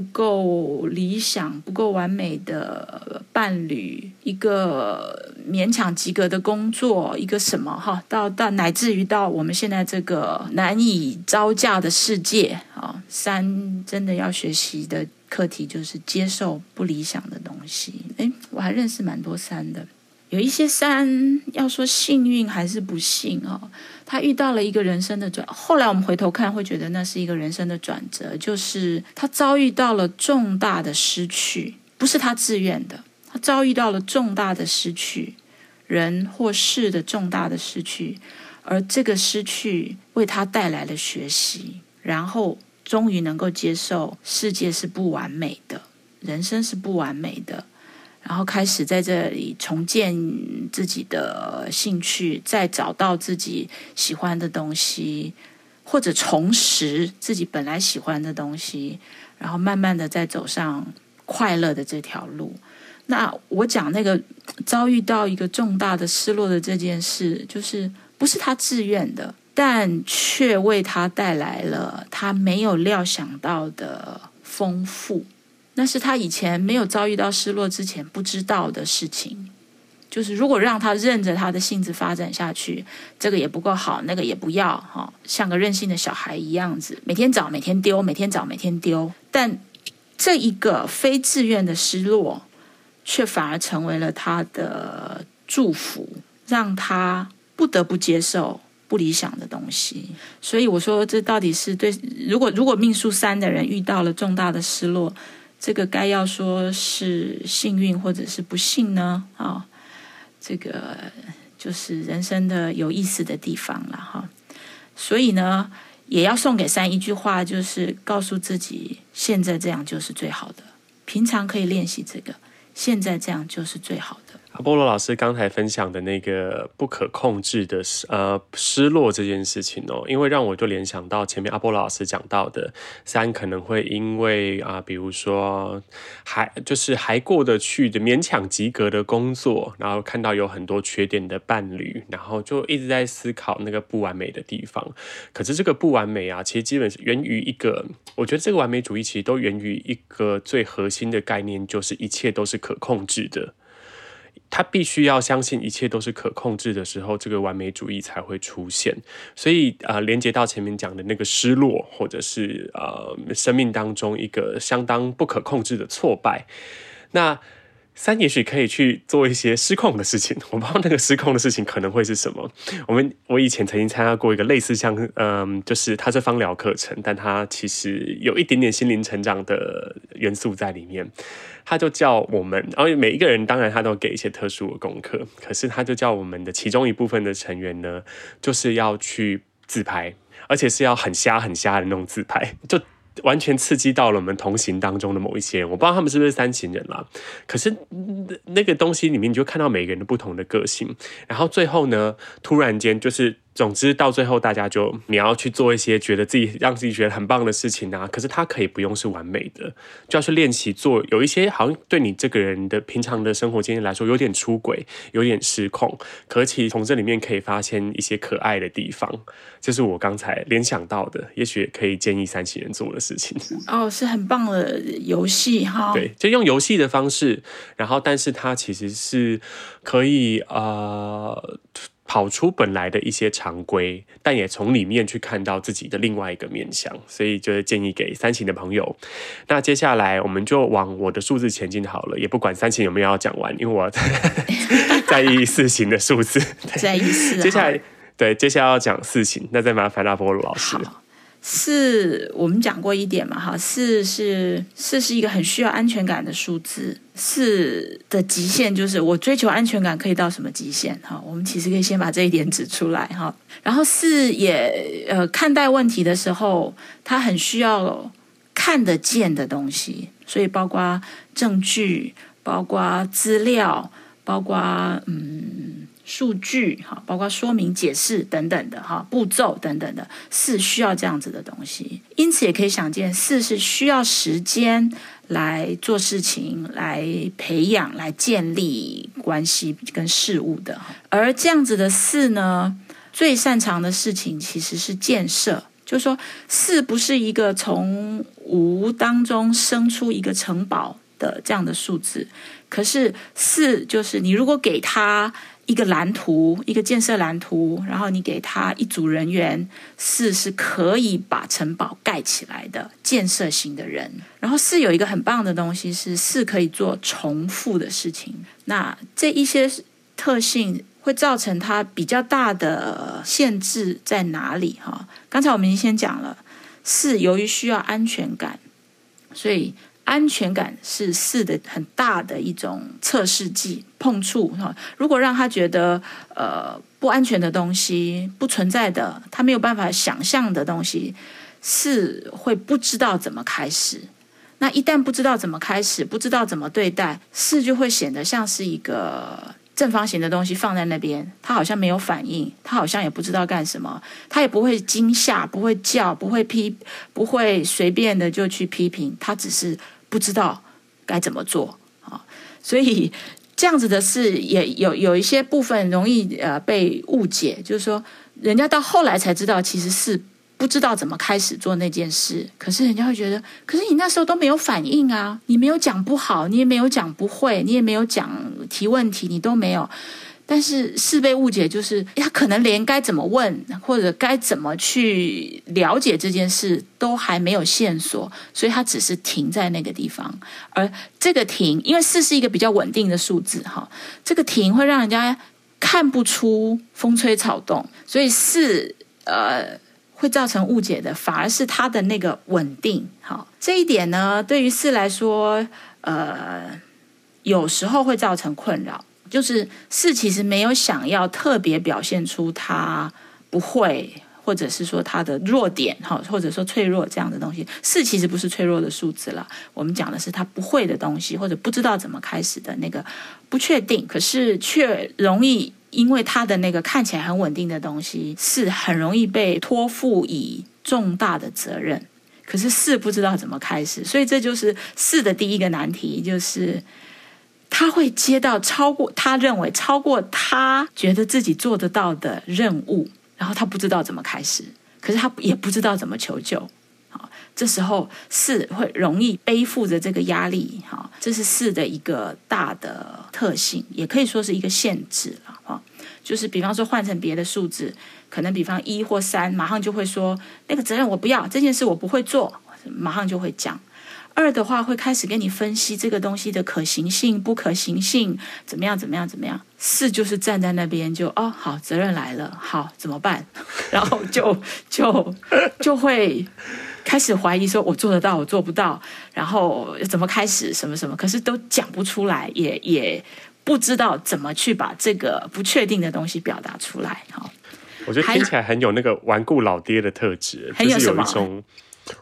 不夠理想，不夠完美的伴侶，一個勉強及格的工作，一個什麼哈？到到乃至於到我們現在這個難以招架的世界啊！三真的要學習的課題就是接受不理想的東西。誒，我還認識蠻多三的。有一些三，要說幸運還是不幸啊、哦？他遇到了一個人生的轉，後來我們回頭看，會覺得那是一個人生的轉折，就是他遭遇到了重大的失去，不是他自願的，他遭遇到了重大的失去，人或事的重大的失去，而這個失去為他帶來了學習，然後終於能夠接受世界是不完美的，人生是不完美的。然後開始在這裡重建自己的興趣，再找到自己喜歡的東西，或者重拾自己本來喜歡的東西，然後慢慢的再走上快樂的這條路。那我講那個遭遇到一個重大的失落的這件事，就是不是他自願的，但卻為他帶來了他沒有料想到的豐富。那是他以前沒有遭遇到失落之前不知道的事情，就是如果讓他任着他的性子發展下去，這個也不夠好，那個也不要哈、哦，像個任性的小孩一樣子，每天找，每天丟，每天找，每天丟。但這一個非自願的失落，卻反而成為了他的祝福，讓他不得不接受不理想的東西。所以我說，這到底是對如果如果命數三的人遇到了重大的失落。這個該要說是幸運，或者是不幸呢？啊、哦，這個就是人生的有意思的地方了哈、哦。所以呢，也要送給三一句話，就是告訴自己：現在這樣就是最好的。平常可以練習這個，現在這樣就是最好的。阿波羅老師剛才分享的那個不可控制的失，呃失落這件事情哦，因為讓我就聯想到前面阿波羅老師講到的三可能會因為啊、呃，比如說還就是還過得去的勉強及格的工作，然後看到有很多缺點的伴侶，然後就一直在思考那個不完美的地方。可是這個不完美啊，其實基本是源於一個，我覺得這個完美主義其實都源於一個最核心的概念，就是一切都是可控制的。他必須要相信一切都是可控制的時候，這個完美主義才會出現。所以，呃，連接到前面講的那個失落，或者是呃，生命當中一個相當不可控制的挫敗，那。三也許可以去做一些失控的事情，我不知道那個失控的事情可能會是什麼。我們我以前曾經參加過一個類似像，嗯、呃，就是他是芳療課程，但他其實有一點點心靈成長的元素在裡面。他就叫我們，而每一個人當然他都給一些特殊的功課，可是他就叫我們的其中一部分的成員呢，就是要去自拍，而且是要很瞎很瞎的那種自拍，就。完全刺激到了我們同行當中的某一些，我不知道他們是不是三型人啦。可是那個東西裡面，你就看到每個人的不同的個性，然後最後呢，突然間就是。總之，到最後大家就你要去做一些覺得自己讓自己覺得很棒的事情啊。可是它可以不用是完美的，就要去練習做。有一些好像對你這個人的平常的生活經驗來說有點出軌，有點失控。可其實從這裡面可以發現一些可愛的地方，這，就是我剛才聯想到的，也許可以建議三七人做的事情。哦，是很棒的遊戲哈。對，就用遊戲的方式，然後但是它其實是可以呃。跑出本來的一些常規，但也從裡面去看到自己的另外一個面向，所以就是建議給三型的朋友。那接下來我們就往我的數字前進好了，也不管三型有沒有要講完，因為我 在意四型的數字，在 意接下來對，接下來要講四型，那再麻煩拉波魯老師。四，我們講過一點嘛，哈，四是四是一個很需要安全感的數字，四的極限就是我追求安全感可以到什麼極限，哈，我們其實可以先把這一點指出來，哈，然後四也呃看待問題的時候，它很需要看得見的東西，所以包括證據，包括資料，包括嗯。數據哈，包括說明、解釋等等的哈，步驟等等的，四需要這樣子的東西。因此，也可以想見，四是需要時間來做事情、來培養、來建立關係跟事物的。而這樣子的四呢，最擅長的事情其實是建設，就是說，四不是一個從無當中生出一個城堡的這樣的數字，可是四就是你如果給他。一個藍圖，一個建設藍圖，然後你給他一組人員，四是可以把城堡蓋起來的建設型的人。然後四有一個很棒的東西是，四可以做重複的事情。那這一些特性會造成他比較大的限制在哪裡？哈，剛才我們先講了，四由於需要安全感，所以。安全感是四的很大的一種測試劑，碰觸哈。如果讓他覺得呃不安全的東西不存在的，他沒有辦法想象的東西，四會不知道怎麼開始。那一旦不知道怎麼開始，不知道怎麼對待，四就會顯得像是一個正方形的東西放在那邊，他好像沒有反應，他好像也不知道幹什麼，他也不會驚嚇，不會叫，不會批，不會隨便的就去批評，他只是。不知道該怎麼做啊，所以這樣子的事也有有一些部分容易呃被誤解，就是說人家到後來才知道其實是不知道怎麼開始做那件事，可是人家會覺得，可是你那時候都沒有反應啊，你沒有講不好，你也沒有講不會，你也沒有講提問題，你都沒有。但是四被誤解，就是他可能連該怎麼問，或者該怎麼去了解這件事，都還沒有線索，所以他只是停在那個地方。而這個停，因為四是一個比較穩定的數字，哈，這個停會讓人家看不出風吹草動，所以四呃會造成誤解的，反而是他的那個穩定，好，這一點呢，對於四來說，呃，有時候會造成困擾。就是四其實沒有想要特別表現出他不會，或者是說他的弱點哈，或者說脆弱這樣的東西。四其實不是脆弱的數字了，我們講的是他不會的東西，或者不知道怎麼開始的那個不確定。可是卻容易因為他的那個看起來很穩定的東西，四很容易被托付以重大的責任。可是四不知道怎麼開始，所以這就是四的第一個難題，就是。他會接到超過他認為，超過他覺得自己做得到的任務，然後他不知道怎麼開始，可是他也不知道怎麼求救。好，這時候四會容易背負着這個壓力，哈，這是四的一個大的特性，也可以說是一個限制了，哈。就是比方說換成別的數字，可能比方一或三，馬上就會說那個責任我不要，這件事我不會做，馬上就會講。二的話會開始跟你分析這個東西的可行性、不可行性，怎麼樣？怎麼樣？怎麼樣？四就是站在那邊就哦，好，責任來了，好，怎麼辦？然後就就就會開始懷疑，說我做得到，我做不到，然後怎麼開始什麼什麼？可是都講不出來，也也不知道怎麼去把這個不確定的東西表達出來。好，我覺得聽起來很有那個頑固老爹的特質，就是有一種。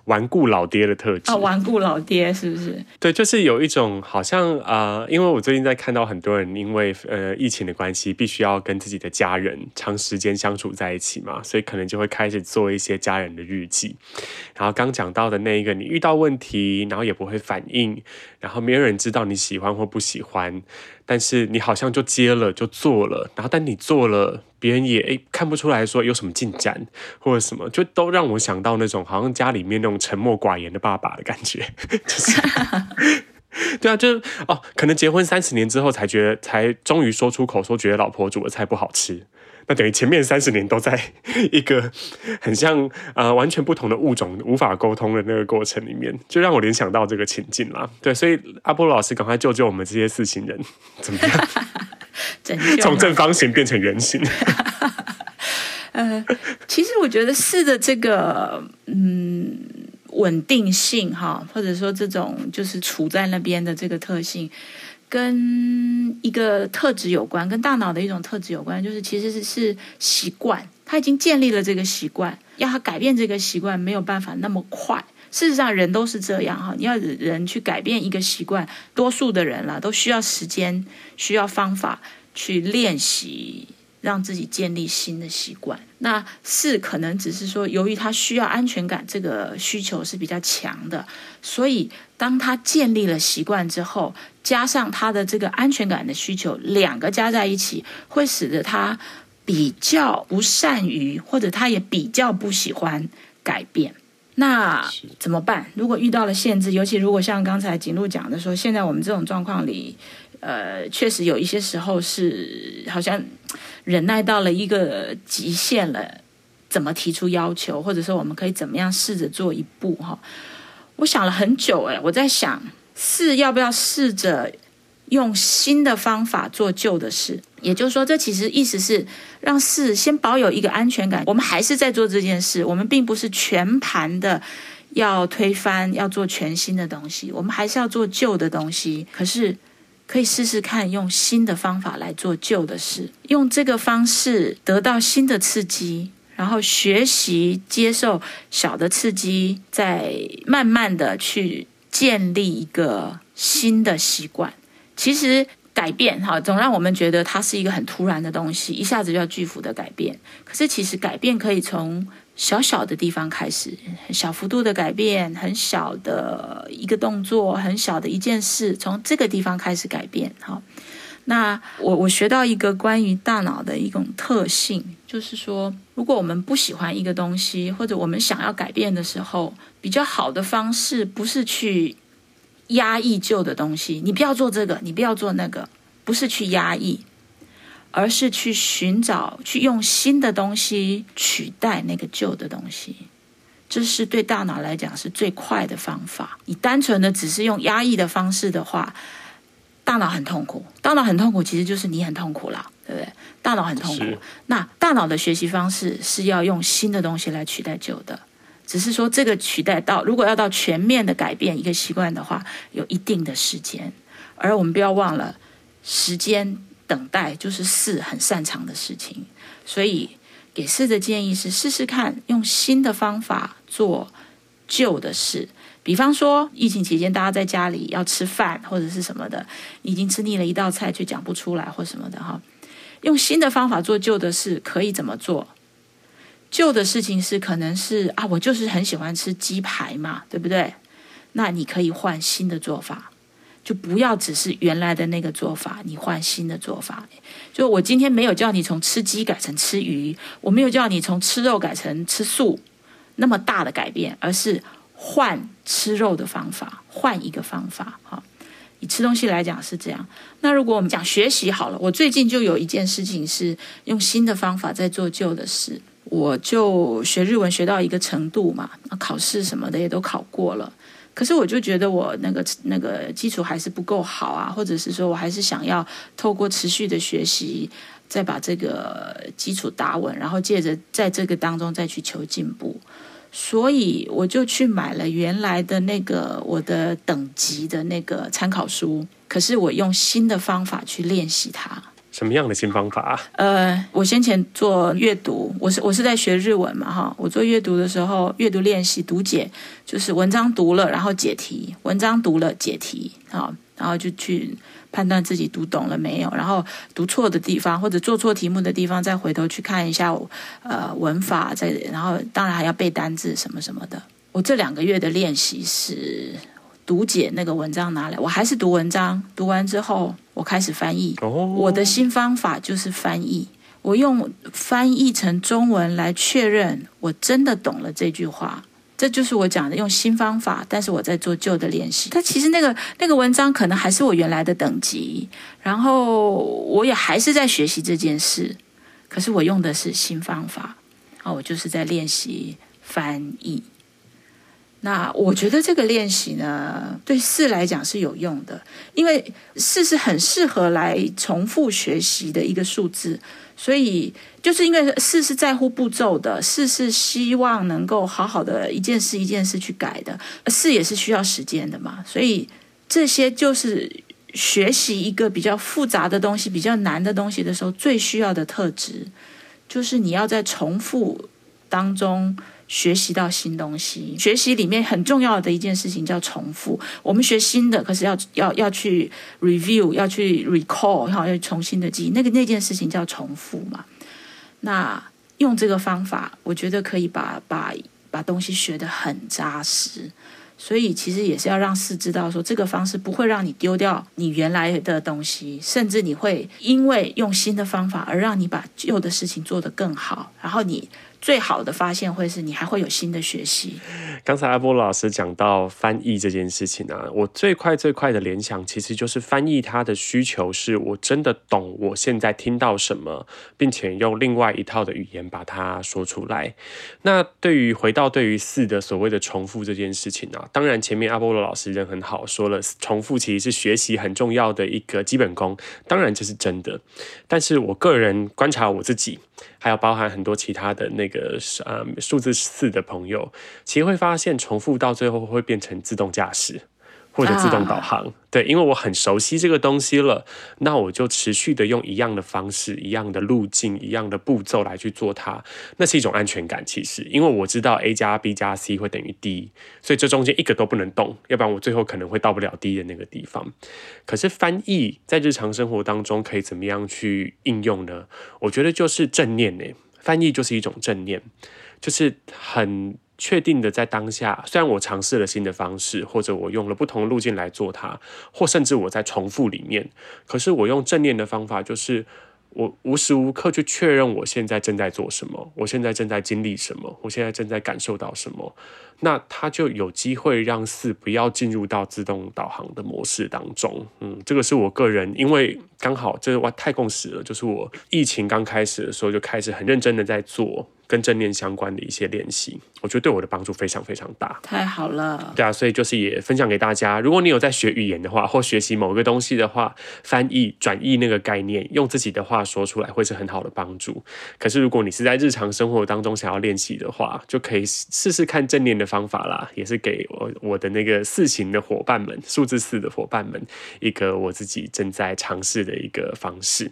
頑固老爹的特質啊，哦、頑固老爹是不是？對，就是有一種好像啊、呃。因為我最近在看到很多人因為呃疫情的關係，必須要跟自己的家人長時間相處在一起嘛，所以可能就會開始做一些家人的日記。然後剛講到的那一個，你遇到問題，然後也不會反應，然後沒有人知道你喜歡或不喜歡，但是你好像就接了就做了，然後但你做了。別人也誒、欸、看不出來，說有什麼進展或者什麼，就都讓我想到那種好像家裡面那種沉默寡言的爸爸的感覺，就是， 對啊，就是哦，可能結婚三十年之後才覺得，才終於說出口，說覺得老婆煮的菜不好吃，那等於前面三十年都在一個很像呃完全不同的物種無法溝通的那個過程裡面，就讓我聯想到這個情境啦。對，所以阿波羅老師趕快救救我們這些四情人，怎麼樣？ 從正方形變成圓形。 呃，其實我覺得是的這個嗯穩定性哈，或者說這種就是處在那邊的這個特性，跟一個特質有關，跟大腦的一種特質有關，就是其實是習慣，他已經建立了這個習慣，要他改變這個習慣沒有辦法那麼快。事實上，人都是這樣哈，你要人去改變一個習慣，多數的人啦都需要時間，需要方法。去練習，讓自己建立新的習慣。那是可能只是說，由於他需要安全感，這個需求是比較強的。所以，當他建立了習慣之後，加上他的這個安全感的需求，兩個加在一起，會使得他比較不善於，或者他也比較不喜歡改變。那怎麼辦？如果遇到了限制，尤其如果像剛才景路講的說，現在我們這種狀況裡。呃，確實有一些時候是好像忍耐到了一個極限了。怎麼提出要求，或者說我們可以怎麼樣試着做一步？哈、哦，我想了很久，哎，我在想，是要不要試着用新的方法做舊的事？也就是說，這其實意思是讓四先保有一個安全感。我們還是在做這件事，我們並不是全盤的要推翻，要做全新的東西，我們還是要做舊的東西，可是。可以試試看用新的方法來做舊的事，用這個方式得到新的刺激，然後學習接受小的刺激，再慢慢的去建立一個新的習慣。其實改變哈，總讓我們覺得它是一個很突然的東西，一下子就要巨幅的改變。可是其實改變可以從。小小的地方開始，小幅度的改變，很小的一個動作，很小的一件事，從這個地方開始改變。好，那我我學到一個關於大腦的一種特性，就是說，如果我們不喜歡一個東西，或者我們想要改變的時候，比較好的方式不是去壓抑舊的東西，你不要做這個，你不要做那個，不是去壓抑。而是去尋找，去用新的東西取代那個舊的東西，這是對大腦來講是最快的方法。你單純的只是用壓抑的方式的話，大腦很痛苦。大腦很痛苦，其實就是你很痛苦了，對不對？大腦很痛苦。那大腦的學習方式是要用新的東西來取代舊的，只是說這個取代到如果要到全面的改變一個習慣的話，有一定的時間。而我們不要忘了時間。等待就是四很擅長的事情，所以給四的建議是試試看用新的方法做舊的事。比方說，疫情期間大家在家裡要吃飯或者是什麼的，已經吃膩了一道菜卻講不出來或什麼的哈，用新的方法做舊的事可以怎麼做？舊的事情是可能是啊，我就是很喜歡吃雞排嘛，對不對？那你可以換新的做法。就不要只是原來的那個做法，你換新的做法。就我今天沒有叫你從吃雞改成吃魚，我沒有叫你從吃肉改成吃素，那麼大的改變，而是換吃肉的方法，換一個方法。哈、啊，以吃東西來講是這樣。那如果我們講學習好了，我最近就有一件事情是用新的方法在做舊的事。我就學日文學到一個程度嘛，考試什麼的也都考過了。可是我就覺得我那個那個基礎還是不夠好啊，或者是說我還是想要透過持續的學習，再把這個基礎打穩，然後借着在這個當中再去求進步。所以我就去買了原來的那個我的等級的那個參考書，可是我用新的方法去練習它。什麼樣的新方法？呃，我先前做閱讀，我是我是在學日文嘛，哈，我做閱讀的時候，閱讀練習、讀解，就是文章讀了，然後解題，文章讀了解題，啊，然後就去判斷自己讀懂了沒有，然後讀錯的地方或者做錯題目的地方，再回頭去看一下，呃，文法，再然後當然還要背單字什麼什麼的。我這兩個月的練習是讀解那個文章拿來，我還是讀文章，讀完之後。我開始翻譯，我的新方法就是翻譯。我用翻譯成中文來確認，我真的懂了這句話。這就是我講的用新方法，但是我在做舊的練習。它其實那個那個文章可能還是我原來的等級，然後我也還是在學習這件事，可是我用的是新方法。啊，我就是在練習翻譯。那我覺得這個練習呢，對四來講是有用的，因為四是很適合來重複學習的一個數字，所以就是因為四是在乎步驟的，四是希望能夠好好的一件事一件事去改的，四也是需要時間的嘛，所以這些就是學習一個比較複雜的東西，比較難的東西的時候最需要的特質，就是你要在重複當中，學習到新東西，學習裡面很重要的一件事情叫重複。我們學新的，可是要要要去 review，要去 recall，然後要重新的記憶。那個那件事情叫重複嘛。那用這個方法，我覺得可以把把把東西學得很扎實。所以其實也是要讓四知道說，這個方式不會讓你丟掉你原來的東西，甚至你會因為用新的方法而讓你把舊的事情做得更好。然後你。最好的發現會是，你還會有新的學習。剛才阿波羅老師講到翻譯這件事情啊，我最快最快的聯想其實就是翻譯，它的需求是我真的懂我現在聽到什麼，並且用另外一套的語言把它說出來。那對於回到對於四的所謂的重複這件事情啊，當然前面阿波羅老師人很好說了，重複其實是學習很重要的一個基本功，當然這是真的。但是我個人觀察我自己。還有包含很多其他的那個呃數字四的朋友，其實會發現重複到最後會變成自動駕駛。或者自動導航，啊，對，因為我很熟悉這個東西了，那我就持續的用一樣的方式，一樣的路徑，一樣的步驟來去做它，那是一種安全感。其實，因為我知道 a 加 b 加 c 會等於 d，所以這中間一個都不能動，要不然我最後可能會到不了 d 的那個地方。可是翻譯在日常生活當中可以怎麼樣去應用呢？我覺得就是正念誒，翻譯就是一種正念，就是很。確定的，在當下，雖然我嘗試了新的方式，或者我用了不同的路徑來做它，或甚至我在重複裡面，可是我用正念的方法，就是我無時無刻去確認我現在正在做什麼，我現在正在經歷什麼，我現在正在感受到什麼，那它就有機會讓四不要進入到自動導航的模式當中。嗯，這個是我個人，因為剛好這個我太共識了，就是我疫情剛開始的時候就開始很認真的在做。跟正念相關的一些練習，我覺得對我的幫助非常非常大。太好了，對啊，所以就是也分享給大家。如果你有在學語言的話，或學習某個東西的話，翻譯、轉譯那個概念，用自己的話說出來，會是很好的幫助。可是如果你是在日常生活當中想要練習的話，就可以試試看正念的方法啦。也是給我我的那個四行的夥伴們，數字四的夥伴們，一個我自己正在嘗試的一個方式。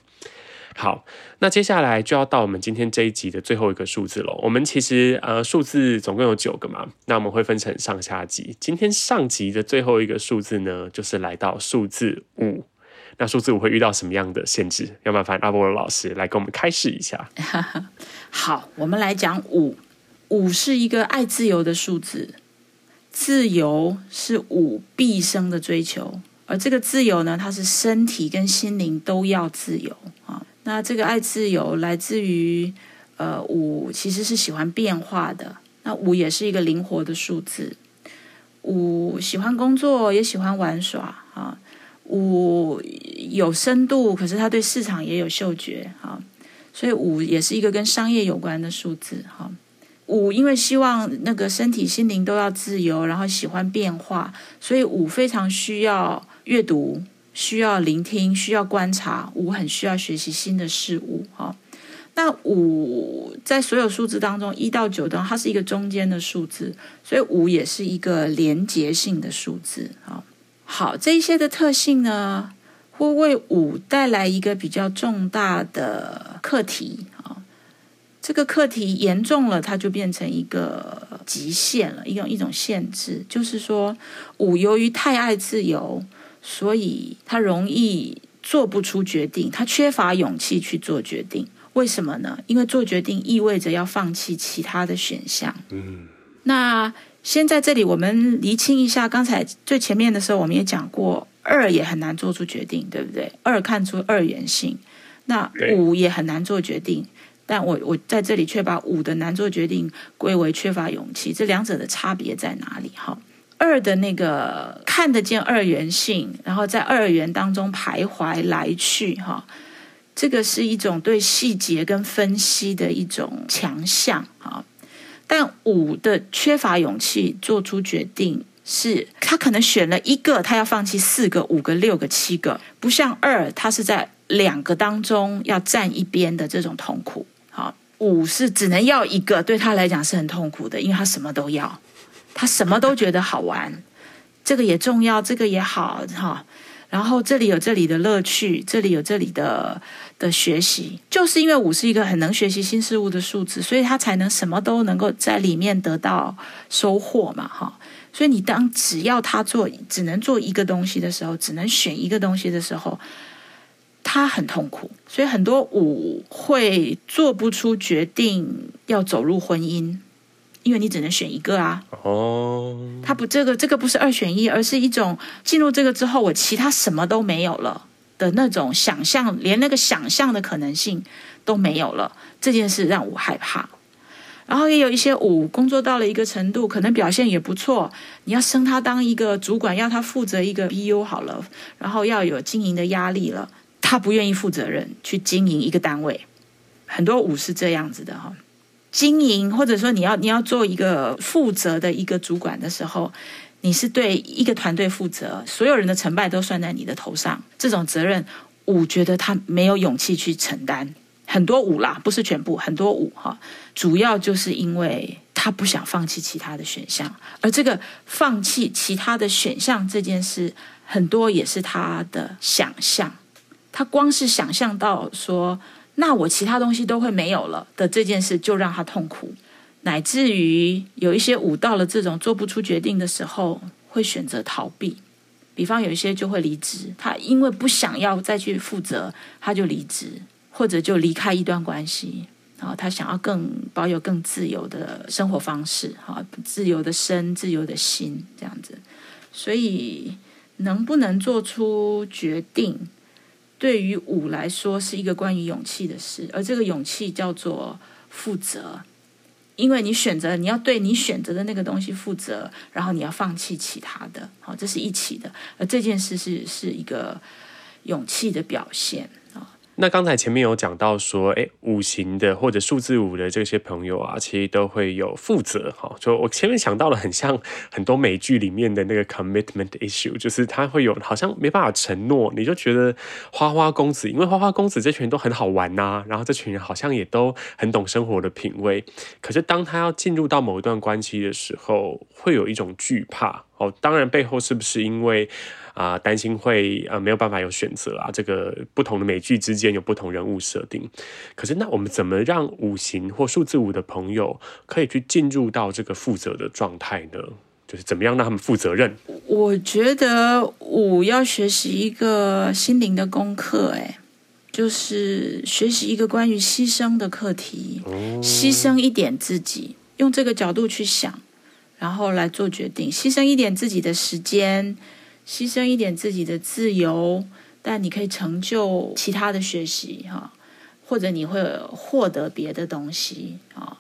好，那接下來就要到我們今天這一集的最後一個數字了。我們其實呃，數字總共有九個嘛，那我們會分成上下集。今天上集的最後一個數字呢，就是來到數字五。那數字五會遇到什麼樣的限制？要麻煩阿波羅老師來跟我們開示一下。 好，我們來講五。五是一個愛自由的數字，自由是五畢生的追求，而這個自由呢，它是身體跟心靈都要自由啊。那這個愛自由來自於呃五，其實是喜歡變化的。那五也是一個靈活的數字，五喜歡工作也喜歡玩耍哈、啊，五有深度，可是他對市場也有嗅覺哈、啊，所以五也是一個跟商業有關的數字哈、啊。五因為希望那個身體心靈都要自由，然後喜歡變化，所以五非常需要閱讀。需要聆聽，需要觀察，五很需要學習新的事物。哈，那五在所有數字當中，一到九當中，它是一個中間的數字，所以五也是一個連結性的數字。好，好，這一些的特性呢，會為五帶來一個比較重大的課題。啊，這個課題嚴重了，它就變成一個極限了，一種一種限制，就是說，五由於太愛自由。所以他容易做不出決定，他缺乏勇氣去做決定。為什麼呢？因為做決定意味着要放棄其他的選項。嗯，那先在這裡我們釐清一下，剛才最前面的時候我們也講過，二也很難做出決定，對不對？二看出二元性，那五也很難做決定。但我我在這裡卻把五的難做決定歸為缺乏勇氣，這兩者的差別在哪裡？哈。二的那個看得見二元性，然後在二元當中徘徊來去，哈、哦，這個是一種對細節跟分析的一種強項啊、哦。但五的缺乏勇氣做出決定是，是他可能選了一個，他要放棄四個、五個、六個、七個，不像二，他是在兩個當中要站一邊的這種痛苦。啊、哦。五是只能要一個，對他來講是很痛苦的，因為他什麼都要。他什麼都覺得好玩，這個也重要，這個也好哈。然後這裡有這裡的樂趣，這裡有這裡的的學習，就是因為五是一個很能學習新事物的數字，所以他才能什麼都能夠在裡面得到收穫嘛哈。所以你當只要他做只能做一個東西的時候，只能選一個東西的時候，他很痛苦。所以很多五會做不出決定要走入婚姻。因為你只能選一個啊！哦，他不，這個這個不是二選一，而是一種進入這個之後，我其他什麼都沒有了的那種想象，連那個想象的可能性都沒有了。這件事讓我害怕。然後也有一些五，工作到了一個程度，可能表現也不錯，你要升他當一個主管，要他負責一個 BU 好了，然後要有經營的壓力了，他不願意負責任去經營一個單位。很多五是這樣子的哈。經營，或者說你要你要做一個負責的一個主管的時候，你是對一個團隊負責，所有人的成敗都算在你的頭上。這種責任，我覺得他沒有勇氣去承擔，很多五啦，不是全部，很多五哈。主要就是因為他不想放棄其他的選項，而這個放棄其他的選項這件事，很多也是他的想象。他光是想象到說。那我其他東西都會沒有了的這件事，就讓他痛苦，乃至於有一些五到了這種做不出決定的時候，會選擇逃避。比方有一些就會離職，他因為不想要再去負責，他就離職，或者就離開一段關係啊。然後他想要更保有更自由的生活方式，哈，自由的身，自由的心，這樣子。所以能不能做出決定？對於五來說，是一個關於勇氣的事，而這個勇氣叫做負責，因為你選擇，你要對你選擇的那個東西負責，然後你要放棄其他的，好，這是一起的，而這件事是是一個勇氣的表現。那剛才前面有講到說誒，五行的或者數字五的這些朋友啊，其實都會有負責哈。就我前面想到了，很像很多美劇裡面的那個 commitment issue，就是他會有好像沒辦法承諾。你就覺得花花公子，因為花花公子這群人都很好玩吶、啊，然後這群人好像也都很懂生活的品味。可是當他要進入到某一段關係的時候，會有一種懼怕哦。當然背後是不是因為？啊、呃，擔心會啊、呃、沒有辦法有選擇啊，這個不同的美劇之間有不同人物設定。可是，那我們怎麼讓五行或數字五的朋友可以去進入到這個負責的狀態呢？就是怎麼樣讓他們負責任？我覺得五要學習一個心靈的功課，哎，就是學習一個關於犧牲的課題、哦，犧牲一點自己，用這個角度去想，然後來做決定，犧牲一點自己的時間。犧牲一點自己的自由，但你可以成就其他的學習，哈，或者你會獲得別的東西，啊，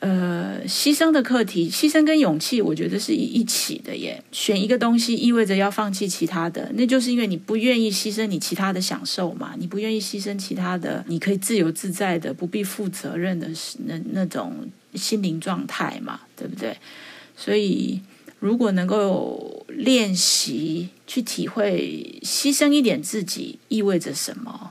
呃，犧牲的課題，犧牲跟勇氣，我覺得是一一起的耶。選一個東西意味着要放棄其他的，那就是因為你不願意犧牲你其他的享受嘛，你不願意犧牲其他的，你可以自由自在的、不必負責任的那那種心靈狀態嘛，對不對？所以。如果能夠練習去體會犧牲一點自己意味着什麼，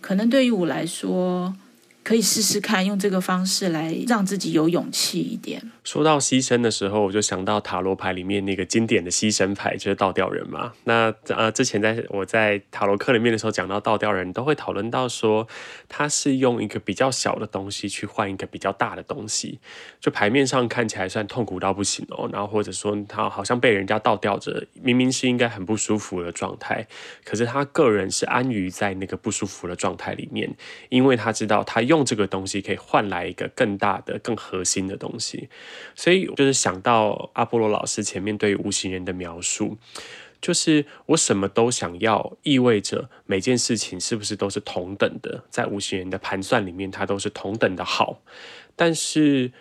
可能對於我來說，可以試試看用這個方式來讓自己有勇氣一點。說到犧牲的時候，我就想到塔羅牌裡面那個經典的犧牲牌，就是倒吊人嘛。那呃，之前在我在塔羅課裡面的時候，講到倒吊人都會討論到說，他是用一個比較小的東西去換一個比較大的東西，就牌面上看起來算痛苦到不行哦。然後或者說他好像被人家倒吊着，明明是應該很不舒服的狀態，可是他個人是安於在那個不舒服的狀態裡面，因為他知道他用這個東西可以換來一個更大的、更核心的東西。所以就是想到阿波羅老師前面對於無形人的描述，就是我什麼都想要，意味着每件事情是不是都是同等的，在無形人的盤算裡面，它都是同等的好，但是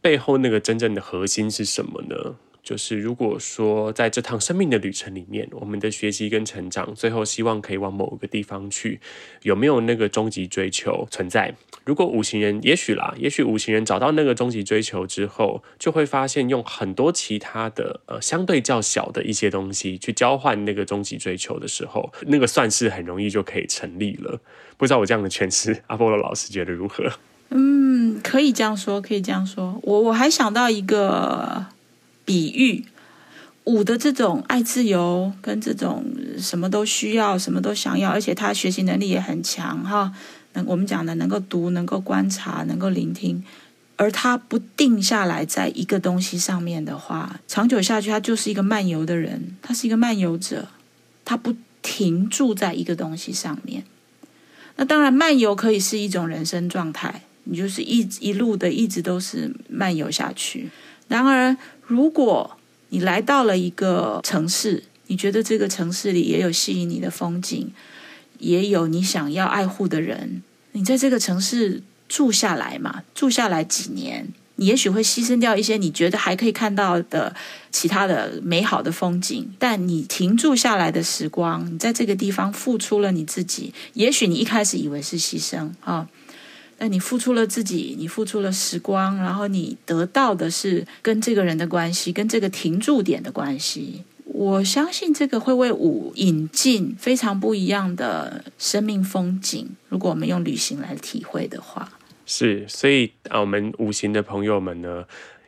背後那個真正的核心是什麼呢？就是如果說在這趟生命的旅程裡面，我們的學習跟成長，最後希望可以往某個地方去,有沒有那個終極追求存在？如果五行人，也許啦，也許五行人找到那個終極追求之後，就會發現用很多其他的呃相對較小的一些東西去交換那個終極追求的時候，那個算式很容易就可以成立了。不知道我這樣的詮釋，阿波羅老師覺得如何？嗯，可以這樣說，可以這樣說。我我還想到一個。比喻五的這種愛自由，跟這種什麼都需要，什麼都想要，而且他學習能力也很強，哈。那我們講的能夠讀，能夠觀察，能夠聆聽，而他不定下來在一個東西上面的話，長久下去，他就是一個漫遊的人，他是一個漫遊者，他不停住在一個東西上面。那當然，漫遊可以是一種人生狀態，你就是一一路的一直都是漫遊下去。然而，如果你來到了一個城市，你覺得這個城市裡也有吸引你的風景，也有你想要愛護的人，你在這個城市住下來嘛？住下來幾年，你也許會犧牲掉一些你覺得還可以看到的其他的美好的風景，但你停住下來的時光，你在這個地方付出了你自己，也許你一開始以為是犧牲啊。那你付出了自己，你付出了時光，然後你得到的是跟這個人的關係，跟這個停駐點的關係。我相信這個會為五引進非常不一樣的生命風景。如果我們用旅行來體會的話，是，所以啊，我們五行的朋友們呢，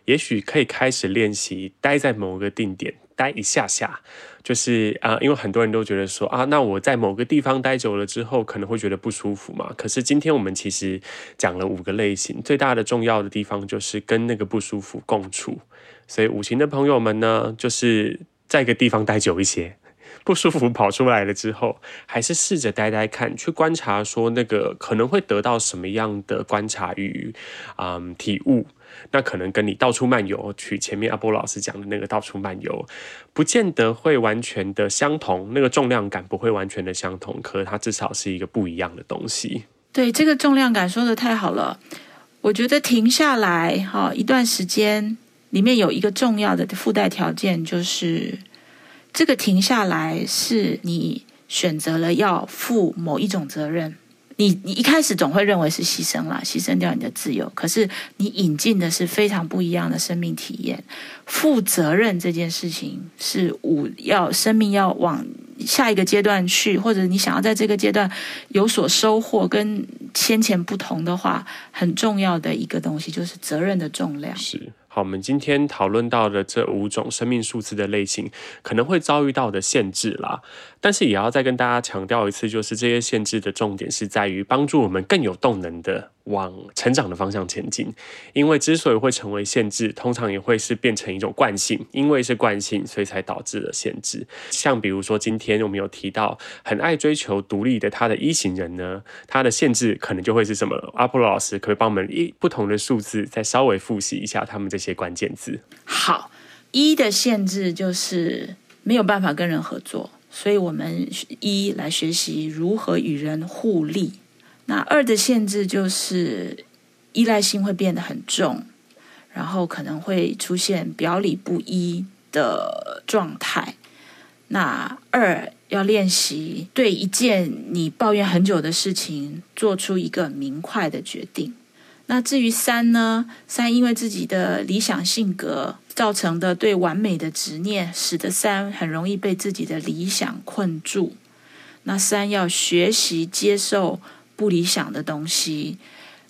也許可以開始練習待在某個定點，待一下下。就是啊，因為很多人都覺得說啊，那我在某個地方待久了之後，可能會覺得不舒服嘛。可是今天我們其實講了五個類型，最大的重要的地方就是跟那個不舒服共處。所以五行的朋友們呢，就是在一個地方待久一些，不舒服跑出來了之後，還是試着待待看，去觀察說那個可能會得到什麼樣的觀察與啊、嗯、體悟。那可能跟你到處漫遊去，取前面阿波老師講的那個到處漫遊，不見得會完全的相同，那個重量感不會完全的相同，可它至少是一個不一樣的東西。對，這個重量感說的太好了，我覺得停下來哈、哦，一段時間裡面有一個重要的附帶條件，就是這個停下來是你選擇了要負某一種責任。你你一開始總會認為是犧牲啦，犧牲掉你的自由。可是你引進的是非常不一樣的生命體驗。負責任這件事情是五要，生命要往下一個階段去，或者你想要在這個階段有所收穫，跟先前不同的話，很重要的一個東西就是責任的重量。是。好，我們今天討論到的這五種生命數字的類型，可能會遭遇到的限制啦。但是也要再跟大家強調一次，就是這些限制的重點是在於幫助我們更有動能的，往成長的方向前進，因為之所以會成為限制，通常也會是變成一種慣性。因為是慣性，所以才導致了限制。像比如說，今天我們有提到很愛追求獨立的他的一型人呢，他的限制可能就會是什麼？阿波羅老師可,可以幫我們以不同的數字再稍微複習一下他們這些關鍵字。好，一的限制就是沒有辦法跟人合作，所以我們一來學習如何與人互利。那二的限制就是依賴性會變得很重，然後可能會出現表裡不一的狀態。那二要練習對一件你抱怨很久的事情做出一個明快的決定。那至於三呢？三因為自己的理想性格造成的對完美的執念，使得三很容易被自己的理想困住。那三要學習接受。不理想的東西，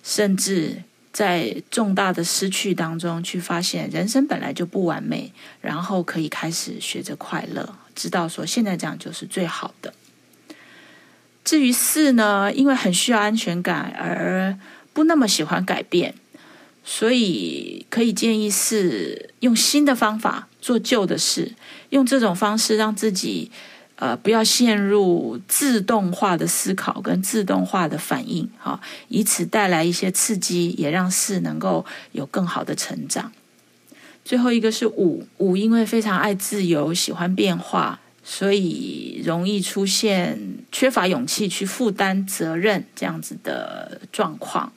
甚至在重大的失去當中去發現，人生本來就不完美，然後可以開始學着快樂，知道說現在這樣就是最好的。至於四呢，因為很需要安全感，而不那麼喜歡改變，所以可以建議是用新的方法做舊的事，用這種方式讓自己。呃，不要陷入自動化的思考跟自動化的反應，哈，以此帶來一些刺激，也讓四能夠有更好的成長。最後一個是五，五因為非常愛自由，喜歡變化，所以容易出現缺乏勇氣去負擔責任這樣子的狀況，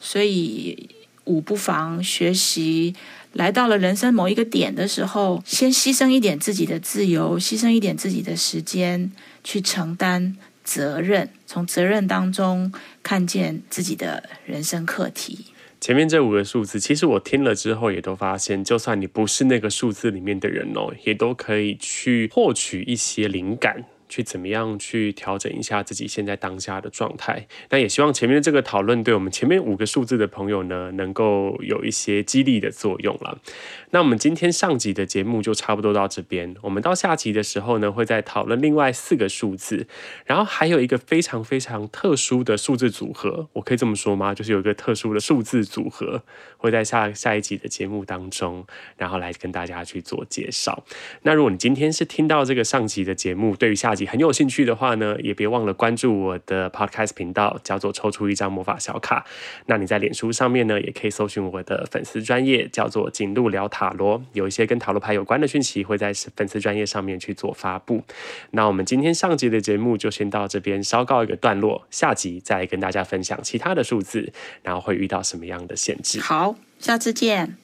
所以五不妨學習。來到了人生某一個點的時候，先犧牲一點自己的自由，犧牲一點自己的時間，去承擔責任，從責任當中看見自己的人生課題。前面這五個數字，其實我聽了之後也都發現，就算你不是那個數字裡面的人哦，也都可以去獲取一些靈感。去怎麼樣去調整一下自己現在當下的狀態？那也希望前面的這個討論對我們前面五個數字的朋友呢，能夠有一些激勵的作用了。那我們今天上集的節目就差不多到這邊，我們到下集的時候呢，會再討論另外四個數字，然後還有一個非常非常特殊的數字組合，我可以這麼說嗎？就是有一個特殊的數字組合會在下下一集的節目當中，然後來跟大家去做介紹。那如果你今天是聽到這個上集的節目，對於下集。很有興趣的話呢，也別忘了關注我的 Podcast 頻道，叫做抽出一張魔法小卡。那你在臉書上面呢，也可以搜尋我的粉絲專頁，叫做錦鹿聊塔羅，有一些跟塔羅牌有關的訊息會在粉絲專頁上面去做發布。那我們今天上集的節目就先到這邊稍告一個段落，下集再跟大家分享其他的數字，然後會遇到什麼樣的限制。好，下次見。